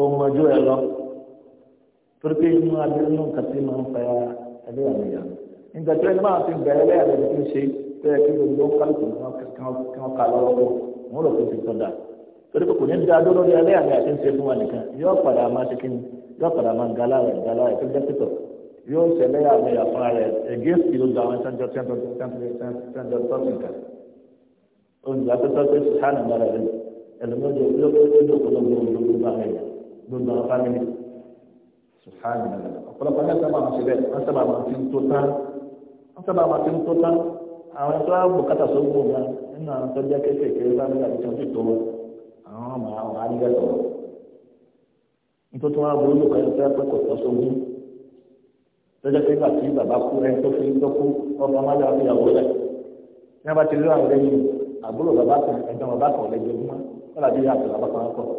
kó mọjú ẹ lọ torí pé inú abẹ́rẹ́ nǹkan tí máa ń fa ẹlẹ́ àmìyàn nígbà tí ẹni máa fi bẹ̀rẹ̀ ẹlẹ́ àmì tó ń ṣe pé kí gbogbo kálukú kí wọ́n ká lọ́wọ́ bọ̀ wọ́n lọ kó ti tọ́ da torí pé kò ní da dúró ní ẹlẹ́ àmì àti ń ṣe fún wa nìkan yóò padà máa ṣe kíni yóò padà máa galá rẹ̀ galá rẹ̀ tó jẹ́ pítọ̀ yóò ṣẹlẹ̀ àmì àfúnra rẹ̀ against ìlú àwọn sẹ́ńtọ́ sẹ́ńtọ́ sẹ́ńtọ́ tọ́sìnkà olùgbàpẹ́tọ́ pé sùhánù mọ́ra rẹ̀ ẹlòmọ́jọ́ olókòlógbò ológbò bá rẹ̀ gbogbo àwọn fámìlì sùhánì ọ̀pọ̀lọpọ̀ ní sábà máa ṣe bẹ́ẹ̀ wọ́n sábà máa ti ń tó tán wọ́n sábà máa ti ń tó tán àwọn tó á bùkátà sógbó gan nínú àwọn tó jẹ́ kéékèèké fámìlì àti tó ti tó àwọn ọmọ àwọn àdìgẹ́tọ̀ nítorí wọn burú lóko ẹni tó yẹ pé kò tọ́ sógbó lọ́jọ́ pé bàtí bàbá kú ẹni tó fi tó kú ọmọ ọmọdé wa fi yàwó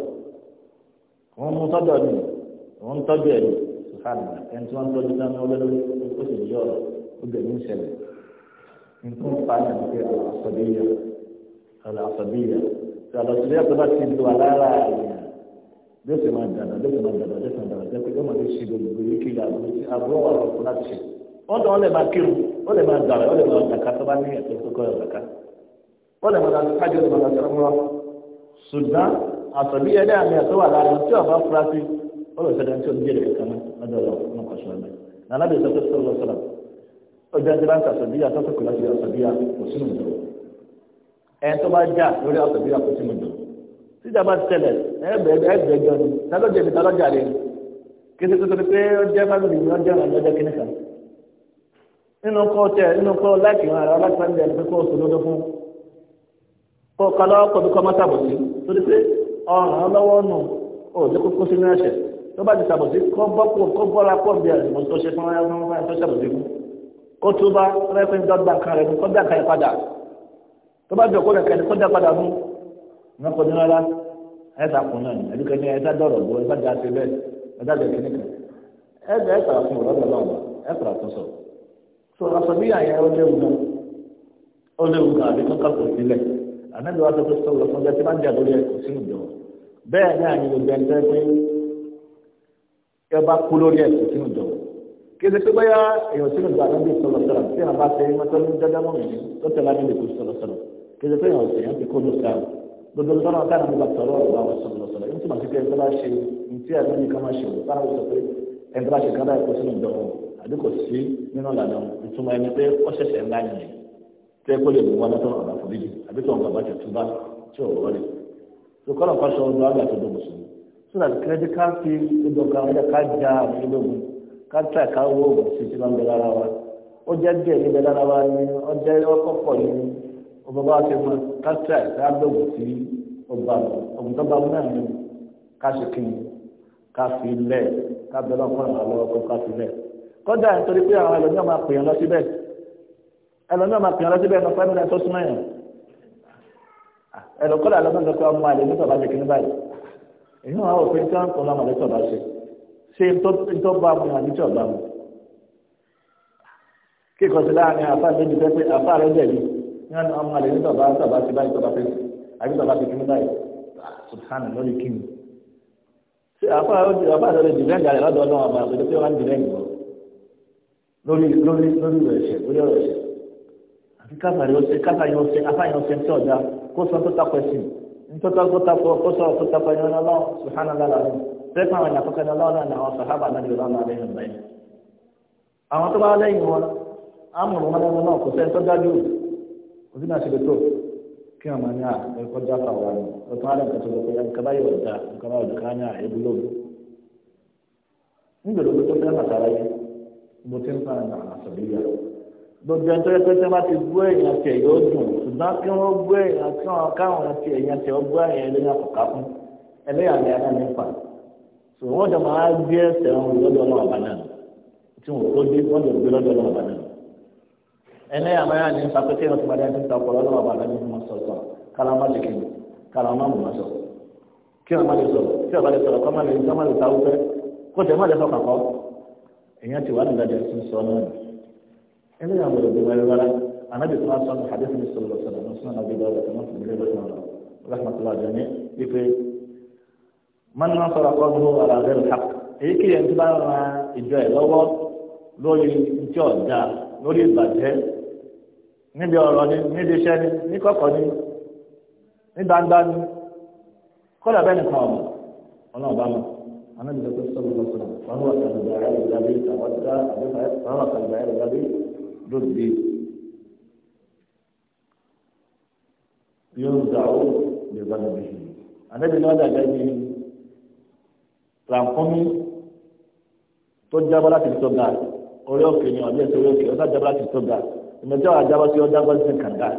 wọ́n mú sọ́dọ̀ mi wọ́n ń tọ́jú ẹ̀ lò sùkànnì ẹni tí wọ́n ń tọ́jú náà ní ọlọ́dọ̀ ó sì yọ ọ̀rọ̀ ó bẹ̀ ní ìṣẹ̀lẹ̀ nǹkan fa ní àti àlàsọ̀bíyà àlàsọ̀bíyà tí àlàsọ̀bíyà tó bá ti lu alára èèyàn bí ó sì máa dàgbà bí ó sì máa dàgbà bí ó sì máa dàgbà jẹ́ pé ó máa ti ṣe gbogbo yìí kí àbúrò wà lọ́kùnrin láti ṣe wọ́n tọ́ wọ́n lè máa kírun wọ́n máa dàrẹ́ wọ́n máa dàka tó bá ní ẹ̀tọ́ tó kọ́ ẹ̀ dàka wọ́n lè máa dàka àtọ̀bí ẹ̀dá àmì àtọ́wà lára tí ọba fura sí ọlọ́ ìṣẹ̀dá tí ó ń jẹ́rẹ̀ kankan lọ́dọ̀ lọ wọn kọ̀ ṣọ́ọ́nà nana bẹ sọ́kẹ́ sọ́lọ́ sọ́lọ́ ó jẹ́ ti láǹkà àtọ̀bí àtọ́kẹ́ kò láti àtọ̀bí kò sínú ìjọ ẹ̀ tó bá já lórí àtọ̀bí kò sínú ìjọ síta bá tẹlẹ ni ni tálọ́jà rẹ̀ kété tó tóbi pé ó jẹ́ fámìlì ni ó jẹ́ ọ̀nà ọjọ́ kìnnì kan nínú kọ́ tẹ nínú kọ́ láìpẹ́ wọn àrà aláìpẹ́ ń bẹ̀rẹ̀ pé kó o sòdodo fún kó o kọ́ lọ́wọ́ kó o bí kọ́ mọ́tàbọ̀ sí torí pé ọ̀ràn lọ́wọ́ nù ó jẹ́ kókó sínú ẹ̀ṣẹ̀ tó bá ti sàbòsí kọ́ bọ́pọ̀ kọ́ bọ́ra pọ̀ bí àdìmọ́ tó ṣe fún ẹ̀ tó sàbòsí fún kó tó bá rẹ́pẹ́ dọ́gba kan rẹ̀ kó dá kan yẹn padà tó bá jọ̀kọ́ rẹ̀ kẹ́ni kó dá padà mú wọn kò ní rárá ẹ̀ sà kùn náà ẹ̀dí kẹ́ni ẹ̀ sá dọ̀rọ̀ bó ẹ̀ sá jà sí bẹ́ẹ̀ ẹ̀ sá jà sí nìkan ẹ̀ ẹ̀ sàrà fún ọ̀rọ̀ lọ́wọ́ ẹ̀ sàrà fún sọ so aṣọ bí àyẹ̀ ó léwu náà ó léwu náà àbí kọ́kọ́ kò sílẹ̀ àná bẹ́ẹ̀ náà ni gbogbo ẹni tẹ́ pé ẹ bá kú lórí ẹ̀sìn sínú ìjọ kí ẹsẹ̀ pé báyà èèyàn sínú ìjọ àdébí sọ̀rọ̀ sọ̀rọ̀ tí a bá tẹ ẹ mọ́tò ní dandan mọ́ mi tó tẹ̀lé àdébí kú sọ̀rọ̀ sọ̀rọ̀ kí ẹsẹ̀ pé èèyàn sì yàn ti kó ló sáà gbogbo sọ̀rọ̀ táwọn ọmọ sọ̀rọ̀ ọ̀rọ̀ àwọn sọ̀rọ̀ sọ̀rọ̀ yìí túmọ̀ sí pé ẹ̀ńtọ́ bá ṣe ntí àdébí kan máa ṣe òun táwọn sọ pé ẹ̀ńtọ́ bá ṣe kádà ẹ̀kọ́ sínú ìjọ wọn àbí kò sí nínú ìlànà ìtumọ̀ ẹni pé ó ṣẹ̀ṣẹ̀ ńlá nìyẹn tẹ́ kó lè mú wọn lọ́tọ̀ ọ̀rọ̀ so kọ́nà kan sọ ọdún àgbà tó dọ̀ mùsùlùmí so that kẹ́lẹ́dí ká fi gbogbo ọ̀gá ọ̀dà ká já àwọn ológun ká tà ká wó oògùn sí ti máa ń bẹ lára wa ó jẹ́ díẹ̀ níbẹ̀ lára wa ni ó jẹ́ ọkọ̀ pọ̀ ni ọba bá ti mọ ká tà ká lóògùn sí ọba ọ̀gùn tó bá mú náà ni ká ṣe kí ni ká fi lẹ̀ ká bẹ lọ́kọ̀ àwọn ọkọ̀ ká fi lẹ̀ kọ́dà nítorí pé àwọn ẹlòmíràn máa pè ẹ̀rọ kọ́lá lọ́sọ̀tọ̀ pé ọmọ àlè nípa bàjẹ́ kínní báyìí èyí wọn àwọn òfin tí wọn kọ́ lọ́mọ lẹ́tọ̀ bá ṣe ṣé ntọ́ bá mu àbí tí ọ̀bá mu kí ìkọ̀sí láàrin àfa méjì fẹ́ pé àfa rẹ̀ jẹ̀bi wọn ni ọmọ àlè nípa bá tọ̀ bá ṣe báyìí tọ̀ bá ṣe àbí tọ̀ bá ṣe kínní báyìí sùtánù lórí kínní ṣé àfa rẹ̀ lè dìbẹ́ǹdì àlẹ́ lọ́dọ̀ ọlọ́run àbá àgbẹ̀dẹ́ pé wọ́n dìbẹ́ǹdì wọn lórí lórí lórí ọ̀rọ̀ ẹ̀ṣẹ̀ lórí ọ̀rọ̀ ẹ̀ṣẹ̀ àfi káfà yóò ṣe káfà yóò ṣe afá yóò ṣe ń tẹ̀ ọ̀dà kó sọ tó takọ ẹ̀sìn nítorí tó takọ kó sọ tó takọ ẹni ọlọ́ sùhánà na rẹ̀ sẹ́kọ̀ àwọn ènìyàn kọ́kẹ́ ọlọ́ náà àwọn sàhábà náà yóò lọ́nà rẹ̀ hàn báyìí. àwọn tó bá lẹ́yìn wọn wọn lẹ́nu náà kò tó dájú náà tó kí wọn máa ní à wà ní nǹkan tó nǹkan báyìí ọ̀dà nǹkan báyìí ọ̀dà kan ní à ebi tó yìí mo ti ń fa gbogbo ẹni tó yẹ pé tí wọ́n bá ti gbọ́ èèyàn tẹ̀ yóò dùn ṣùgbọ́n kí wọ́n gbọ́ èèyàn kí wọ́n káwọn ti èèyàn tẹ̀ ọ́ gbọ́ èèyàn ẹlẹ́yà kọ̀ọ̀ká fún ẹlẹ́yà ni ara ní fà so wọ́n jọ máa gbé ẹsẹ̀ wọn lọ́dọ̀ ọlọ́wọ́ bá náà tí wọ́n tó dé wọ́n jọ gbé lọ́dọ̀ ọlọ́wọ́ bá náà ẹlẹ́yà máa ní fà pé kí wọ́n ti padà ní ta ọ̀pọ̀ lọ́wọ́ bá náà ní mọ́ sọ̀tọ̀ kálámà lè kí kálámà mọ̀ sọ̀ kí wọ́n má lè sọ̀rọ̀ kí wọ́n má lè sọ̀rọ̀ kọ́ má lè sọ̀rọ̀ kọ́ má lè ta wúfẹ́ kó tẹ̀ má lè sọ̀kà kọ́ èèyàn ti wà nígbà jẹ́ sí sọ náà ẹlẹ́yìn àwọn òbí wa rárá anábì tó máa sọ ní hadith ní sọ̀rọ̀ sọ̀rọ̀ ní sọ̀rọ̀ nàbí dọ́wọ́ tó máa fi mílíọ̀nù sọ̀rọ̀ rahmatulah jẹ́ni wípé man náà sọ̀rọ̀ kọ́ ló ara rẹ̀ rẹ̀ hàk èyí kì í yẹn tó bá ran ìjọ ẹ̀ lọ́wọ́ lórí ntí ọ̀dà lórí ìbàjẹ́ níbi ọ̀rọ̀ ni níbi iṣẹ́ ni ní kọ̀kọ̀ ni ní gbangba ni kọ́lá bẹ́ẹ̀ nìkan ọ̀mọ̀ ọlọ́run bá mọ̀ anábì tó sọ̀rọ̀ sọ̀rọ̀ fọwọ́ kàlùbẹ̀rẹ̀ ìdábí lóde yóò gbà ó lè bá lóde ànábi náà dàgbà ní ràǹkọ́mí tó jábọ́ láti tó ga orí òkè ni ọ̀dẹ́ tó orí òkè ọ̀dá jábọ́ láti tó ga ìmọ̀já wà jábọ́ sí ọjà gbọ́ sí kàńdá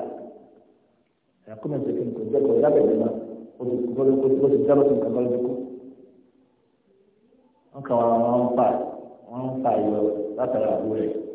ràǹkọ́mí ti kí n kò jẹ́ kó yábẹ̀ lẹ́nà ó ti jábọ́ sí kàńdá lójú kó wọn kà wọn pa wọn pa ìyọ látara àbúrò yìí.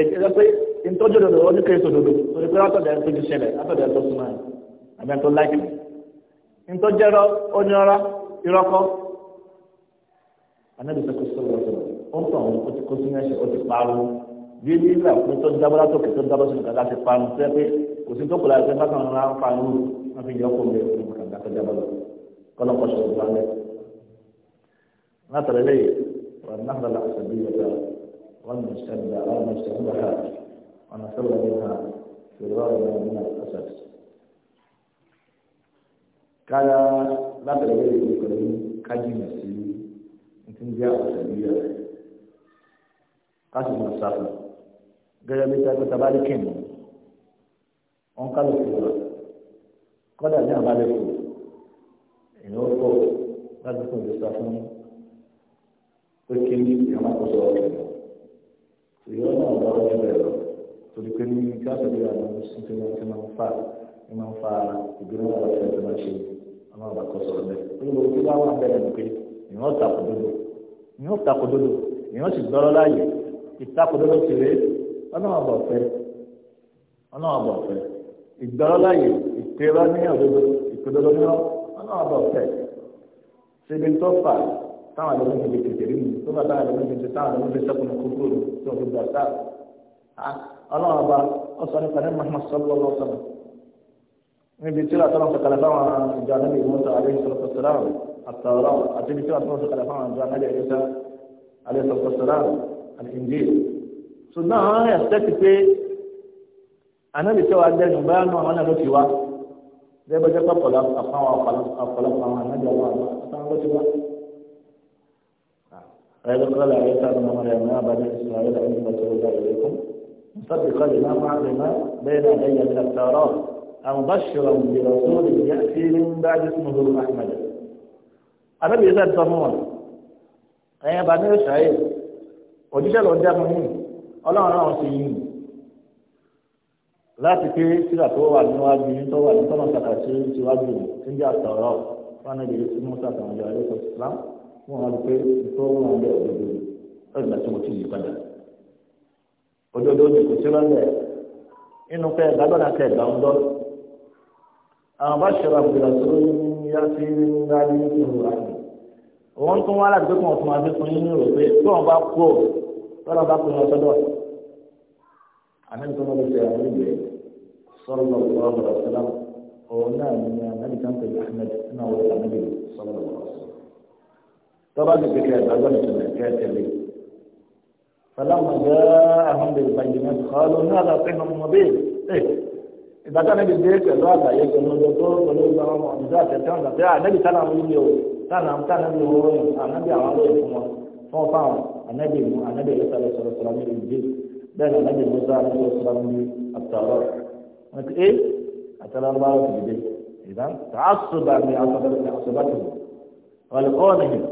ẹgbẹ́ pé ìtọ́jú òdodo ọdún kẹsì òdodo torí pé látọ̀dọ̀ ẹni tó ti ṣẹlẹ̀ látọ̀dọ̀ ẹni tó súnmọ́ ẹ̀ àbí ẹni tó láìpẹ́ ìtọ́jẹ́rọ oníọ́rá ìrọ́kọ́ anábìsẹ́ kò sọ̀rọ̀ sọ̀rọ̀ ó ń tàn ó ti kó sínú ẹ̀ṣẹ̀ ó ti parun bí ní ìlú àpò tó dábọ́ látòkè tó dábọ́ sínú kàdá ti parun tẹ́ pé kò sí tó kò láti bá kàn án parun wọn fi yọ kóńbé òkú kàdá tó dábọ́ lọ kọ́lọ́kọ́ sọ̀rọ̀ lálẹ́ látàrí lẹ́yìn wà náà lọ́la àṣẹ bí yọ̀ọ́ والمستبدع والمستبحات ونحول بها في الغاية من الأساس قال لا تلوي الكريم كاجي نسي انتم جاء أسابيع قاسم الصافي قال لي تبالي كم وانقلوا في الغاية kọ́dà ní àbálẹ̀ kù èèyàn ó pọ̀ láti fún ìgbésà fún pé kí ni ìyàwó àkóso ọ̀rọ̀ casa ìyọ́ náà bá wọ́n bẹ̀rẹ̀ lọ torí pé ní gáàsì àwọn oṣù tí a ti máa ń fa ní máa ń fa ìbínú àwọn ọ̀sẹ̀ tó máa ṣe àwọn àbàkọ́ sọ̀rọ̀ bẹ́ẹ̀ olùkọ́ tí wọ́n wà bẹ̀rẹ̀ lọ pé ìyọ́ takododo ìyọ́ takododo ìyọ́ sì gbọ́rọ̀ láàyè ìtakododo ti rè ọlọ́wọ́ bọ̀ fẹ́ ọlọ́wọ́ bọ̀ fẹ́ ìgbọ́rọ̀ láàyè ìpèrọ̀ ní ọ̀dodo ìpèdodo ní ọlọ́wọ́ bọ̀ fẹ́ ṣe táwọn àlọ́ fi tètè rí mi tó bá táwọn àlọ́ fi tètè táwọn àlọ́ fi sẹ́kùn ní kókó rẹ̀ tó fi gbà sáà ah, ọlọ́run ọba ọ̀sán nípa ní Muhammad sọ́lọ́ lọ́sọ̀rọ̀ níbi tí wọ́n tọ́lọ́ sọ̀kalẹ̀ fáwọn ìjọ anábì mọ́tò àlẹ́sọ̀rọ̀sọ̀rọ̀ àtọ̀rọ̀ àti ibi tí wọ́n tọ́lọ́ sọ̀kalẹ̀ fáwọn ìjọ anábì ẹ̀yẹsẹ̀ àlẹ́sọ̀rọ̀sọ̀rọ̀ àti ìjì ṣùgbọ́n àwọn ẹ̀sẹ̀ ti pé anábì tí wọ́n adẹ́nu bá nù àwọn náà ló ọ̀pọ̀lọpọ̀ àwọn anábì ọ̀wọ́ àwọn àtàwọn ló wá فإذا قال عيسى بن مريم يا بني إسرائيل إني رسول الله إليكم مصدقا لما معلم بين يدي من التوراة مبشرا برسول يأتي من بعد اسمه أحمد النبي إذا تفهمون ẹ̀yin ọba ní ìṣàyè òjíṣẹ́ ló ń dẹ́kun yìí ọlọ́run náà ti yìí láti pé síra tó wà níwájú yìí tó wà ní tọ́nà kàkà sí iwájú yìí tí ń jà sọ̀rọ̀ wọn ní ìdílé tí mo sàtàn ìjọ ayé tó ti láǹfà. wọn wá lọ pé ìfọwọ́ wọn lẹ òdodo lọ́dún àti mo ti yí padà òdodo ní kò sí lọ́lẹ̀ inú ń dọ́ àwọn bá tó yá sí ní ìlú àná tún wá láti máa fi fún yín rò pé tí wọn bá kú ọ tọ́lá bá kú طبعاً الذكاء أظن الذكاء كبير فلما جاءهم بالبينات قالوا هذا قهم مبين إيه إذا كان بالذكاء هذا يكون الدكتور بلوغ زمان معجزات يتعلم ذاتي آه نبي سلام يليو سلام سلام انا يعني النبي عليه الصلاة انا فوطان انا النبي عليه الصلاة والسلام يليو انا النبي موسى عليه الصلاة والسلام إيه أتلا الله في البيت إذا تعصب من عصبات من عصباتهم ولقونهم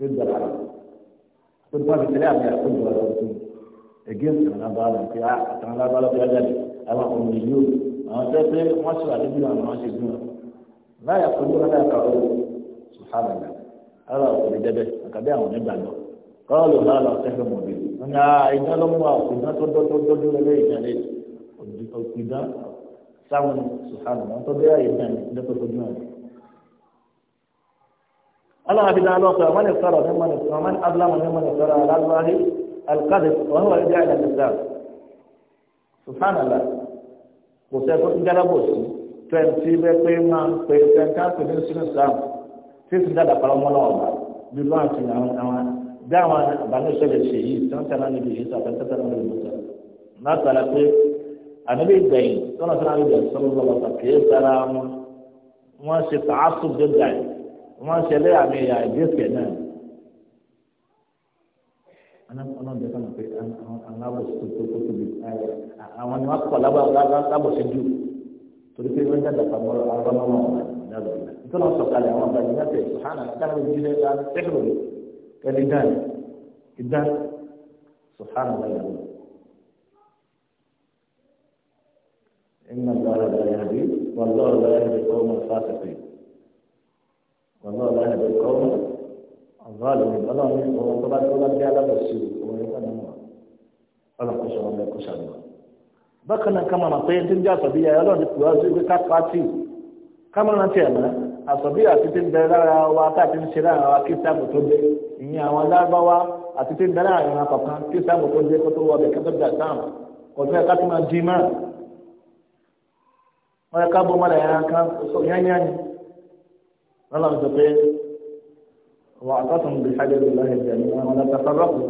tó gbàgbà tó tó àti tẹ́lẹ̀ àmì àkójọ ọ̀rọ̀ tó ẹgẹ́ ìtàn alábàálà pé àtàn alábàálà bí ajáde àwọn ọmọ ìlú àwọn tẹ́ pé wọ́n ṣe àdébí àwọn wọ́n ṣe bí wọn láyà kojú wọn láyà kàwé sùhánàlá ara òkèlè dẹbẹ àkàbí àwọn onígbàgbọ́ kọ́ọ̀lù náà lọ sẹ́fẹ̀ mọ̀bí wọn ìdá ló mú wa òkùnà tó dọ́tọ́ dọ́jú lẹ́lẹ́ ìdálé òkùnà sáwọn sùhánàlá wọn tó bẹ́ẹ̀ ìdá ní lẹ́kọ̀ọ́ fojú wọn الله بلا ناصر ومن افترى ممن ومن أظلم ممن افترى على الله القذف وهو يدعي إلى الإسلام سبحان الله وسيكو ìjálàbòs twenty bẹ pé máa ń pè tẹ̀ka pèlú sínú islam fífi dáadáa pàrọ̀mọ́ náà wà lùlù àti àwọn àwọn bí àwọn àbáníṣẹ́lẹ̀ ṣe yìí tí wọ́n tẹ̀lé níbi yìí sàfẹ́ tẹ́tẹ́ lọ́wọ́ ìlú sọ. látara pé ànábì ìgbẹ̀yìn tọ́lá sọ́nà ìgbẹ̀yìn sọ́lọ́ lọ́wọ́ sàkéé sára wọn wọ́n ṣe tààsù gbẹ̀gbẹ̀ wọ́n ṣẹlẹ̀ àmì ẹ̀yà ìgbésẹ̀ náà ọlọ́dẹ kan pé àwọn abòsí tó tó tóbi àwọn ni wọ́n kọ́ lábòsí jù torí pé wọ́n dàgbà pamọ́ àwọn ọmọ wọn dàgbà ìlà nítorí wọ́n sọ̀kalẹ̀ àwọn ọba ìlà tẹ̀ sùhánà káwọn ojú rẹ̀ la tẹ́kọ̀ọ́ kẹ́lẹ́ dán ìdán sùhánà wáyà lọ. إن الله لا يهدي والله لا يهدي قوم الفاسقين wàlúwà láti lè kọ́ àlọ́ àlùmí ọlọ́run ní ọmọ tó bá tó bá dé alábòsí òun ní sànù wà ọlọ́kùn sọ wọn lẹ́kọ̀ọ́ sànù wà. bákan náà kámánà pé tí ń jẹ́ àsọ̀bíyà ọlọ́run ti pè wá sí pé ká pàtì kámánà tiẹ̀ mọ́ àsọ̀bíyà ti ti ń bẹ lára wa tá a ti ń ṣe lára wa kí sáàbù tó dé ìyẹn àwọn lárúbáwá àti ti ń bẹ lára ìran kọ̀ọ̀kan kí sáàbù tó dé kó tó wọ bẹ̀ kẹ́tọ́ dà sáàmù kọ̀ọ̀tún ẹ̀ká tó máa jí máa wọ́n ẹ̀ká bọ́ mọ́ra ẹ̀ran kan yányányí lọ́la ń sọ pé wà á tọ́sùn bí hajjẹ́lú láhì jẹ̀mí àwọn ọ̀làtàfàrọ́kù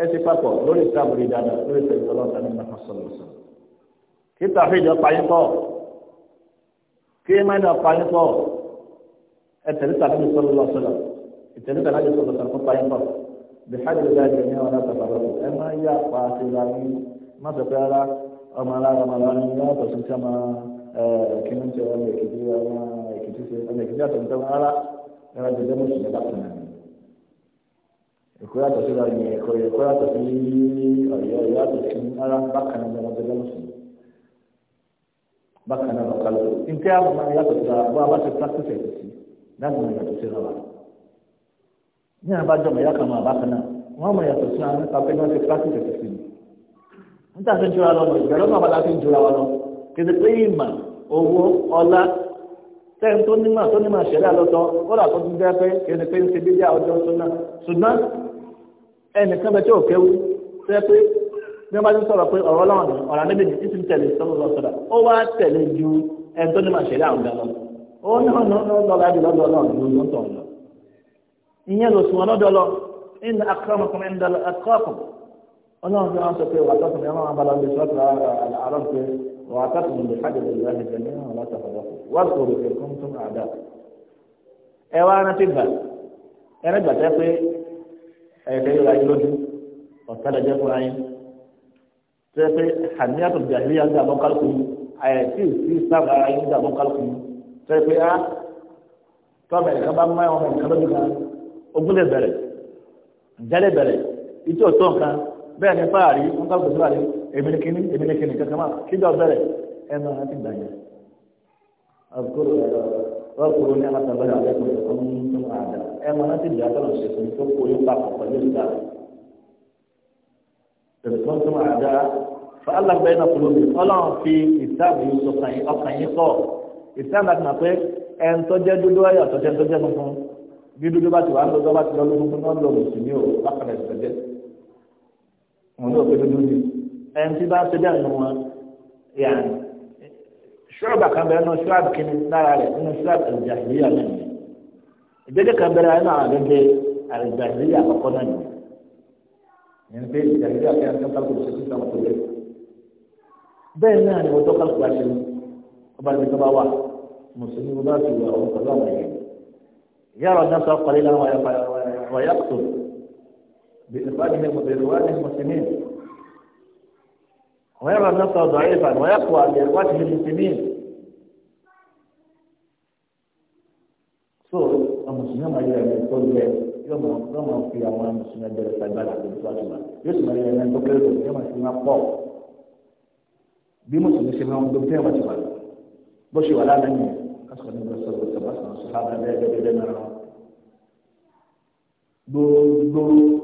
ẹ ti papọ̀ lórí ìtàbùrì dáadáa الله. ìtẹ̀lẹ́ ọlọ́ta ní nàfà sọ̀rọ̀ sọ̀rọ̀ kí tàfí ìjọ pààyàn pọ̀ kí mẹ́nà pààyàn pọ̀ ẹ tẹ̀lé tàbí sọ̀rọ̀ lọ́sọ̀rọ̀ ìtẹ̀lé tàbí sọ̀rọ̀ sọ̀rọ̀ pààyàn pọ̀ bí hajjẹ́lú láhì jẹ̀mí àwọn ọ̀làtàfàrọ́kù ẹ má yá pàṣẹ láàrin má sọ pé rárá ọmọ alára ọmọ alára ni èkìtì ṣe ọmọ èkìtì àtọ̀tọ̀ rárá ẹ̀rọ jẹjẹ mọ̀ ṣẹlẹ̀ bákan náà èkó yàtọ̀ sí ra yẹn èkó èkó yàtọ̀ sí ọ̀yọ́ ọ̀yọ́ yàtọ̀ sí rárá bákan náà ẹ̀rọ jẹjẹ mọ̀ ṣẹlẹ̀ bákan náà lọ́kàlọ́ nǹkan yàtọ̀ máa yàtọ̀ sí ra bó a bá ti practice ẹ̀ sí láti máa yàtọ̀ sí ra wa ní àbájọ mọ̀ yàtọ̀ máa bákan náà wọ́n mọ̀ yàtọ̀ sí ra wa lọ sẹ́yìn tó nímọ̀ tó nímọ̀ ṣẹlẹ̀ lọ́tọ̀ kódà tó dúdú ẹgbẹ́ ẹni pé ń ṣe bíjà ọjọ́ tó náà ṣùgbọ́n ẹnìkan bẹ tí ò kéwu sẹ́ pé bí wọ́n bá ti sọ̀rọ̀ pé ọ̀rọ̀ ọlọ́run ni ọ̀rọ̀ níbi ní ti tẹ̀lé sọ́nù lọ sọ̀rọ̀ ó wá tẹ̀lé ju ẹni tó nímọ̀ ṣẹlẹ̀ àwọn gan lọ ó náà náà lọ́la bí lọ́dọ̀ ọlọ́run ló ń tọ̀ lọ. ìyẹn ló sùn ọlọ́dọ̀ lọ in واعتقدوا بحجر الله جميعا ولا تفرقوا واذكروا إذ كنتم أعداء ẹ wá rántí gbà ẹ rẹ gbàtẹ pé ẹ̀ẹ́dẹ́ yóò ayé lójú ọ̀tá lẹ́jẹ́ fún ayé tẹ́ pé àníyàtọ̀ jàhílì yà ń dàbọ̀ kálukú àyẹ̀tì sí sábà ayé ń dàbọ̀ kálukú tẹ́ pé á tọ́mọ̀ ẹ̀ka bá máa ọmọ ìkàlódé kan ogún lè bẹ̀rẹ̀ jálè bẹ̀rẹ̀ ìtòótọ́ nǹkan bẹ́ẹ̀ ni fáàrí wọ́n ká gbèsè fáàrí èmìnìkìní èmìnìkìní kankan máa kíjọ bẹ̀rẹ̀ ẹnu àti gbàyẹ. ọkùnrin ní alátàlọ́ yà lẹ́kọ̀ọ́ ẹ̀kọ́ nínú àdá ẹnu àti ìdí àtọ́nà ṣẹ̀kùn tó kó yín papọ̀ pẹ̀lú ìdá. ẹ̀kọ́ nínú àdá fàálàgbẹ́ náà kúrò ní ọlọ́run fi ìsáàbù yìí sọkàn yín ọkàn yín kọ́ ìsáàbù àti nàpẹ́ ẹn tó jẹ́ dúdú ayé ọ̀tọ̀ jẹ́ tó jẹ́ funfun bí dúdú bá ti wà ń lọ bá ti lọ lóhun fún náà lọ mùsùlùmí ò lápẹ̀lẹ̀ ìgbẹ́jẹ́ wọn yóò fi dúdú ni ẹni tí bá ń ṣe bẹ́ẹ̀ nù wọn yà ní ṣọ́ọ̀bà kan bẹ̀rẹ̀ náà ṣọ́ọ̀bù kìíní lára rẹ̀ nínú ṣọ́ọ̀bù àlùjáhìlíyà náà ni ìgbẹ́jẹ́ kan bẹ̀rẹ̀ nínú àwọn àgbẹ̀gbẹ̀ àkọ́kọ́ náà ni ẹni pé ìjàgbé àti àti kálukú ṣe fún ìtàn òkúlé bẹ́ẹ̀ náà ni wọ́n tó kálukú àṣẹ ọba ní ìjọba wà mùsùlùmí بإخوانهم وبإخوان المسلمين ويرى النصر ضعيفا ويقوى بإخوانه المسلمين so المسلمين ما يرى كل يوم يوم في يوم المسلمين جل في البلد في الصلاة يسمع يرى أن تقول يوم المسلمين قوم بمسلمين سمعهم دمتين ما تقول بشي ولا لني أسخن الرسول والسبع أسخن الصحابة لا يجب لنا gbogbo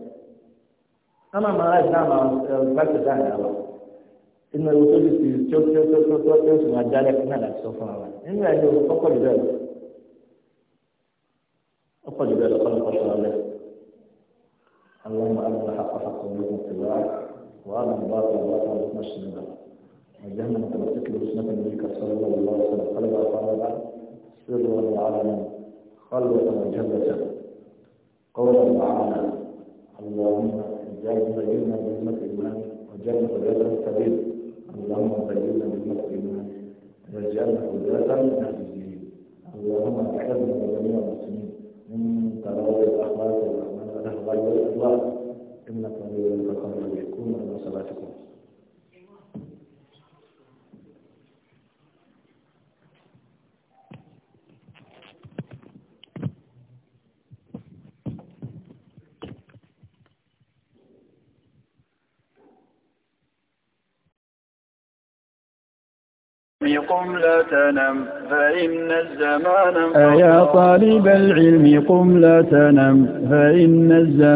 أما ما أعرف back to that now inú ewu tó ti tí ó tí ó tí ó tí ó tí ó sì máa jálẹ̀ fún àlàyé sọ fún wa nínú اللهم أرنا الحق حقا وارزقنا اتباعه وأرنا الباطل باطلا وارزقنا اجتنابه وجهنا متمسك بسنة نبيك صلى الله عليه وسلم قلب أفعالنا سرا وعلنا خلوة وجهة قولا وعملا اللهم اللهم زينا بنعمة الإيمان وجعلنا هداة السبيل اللهم زينا بنعمة الإيمان وجعلنا هداة المهتدين اللهم اجعلنا وجميع المسلمين من تراضي الأخلاق والأعمال على غير الأخلاق إنك ولي ذلك قدير قم لا تنم فإن الزمان يا طالب العلم قم لا تنم فإن الزمان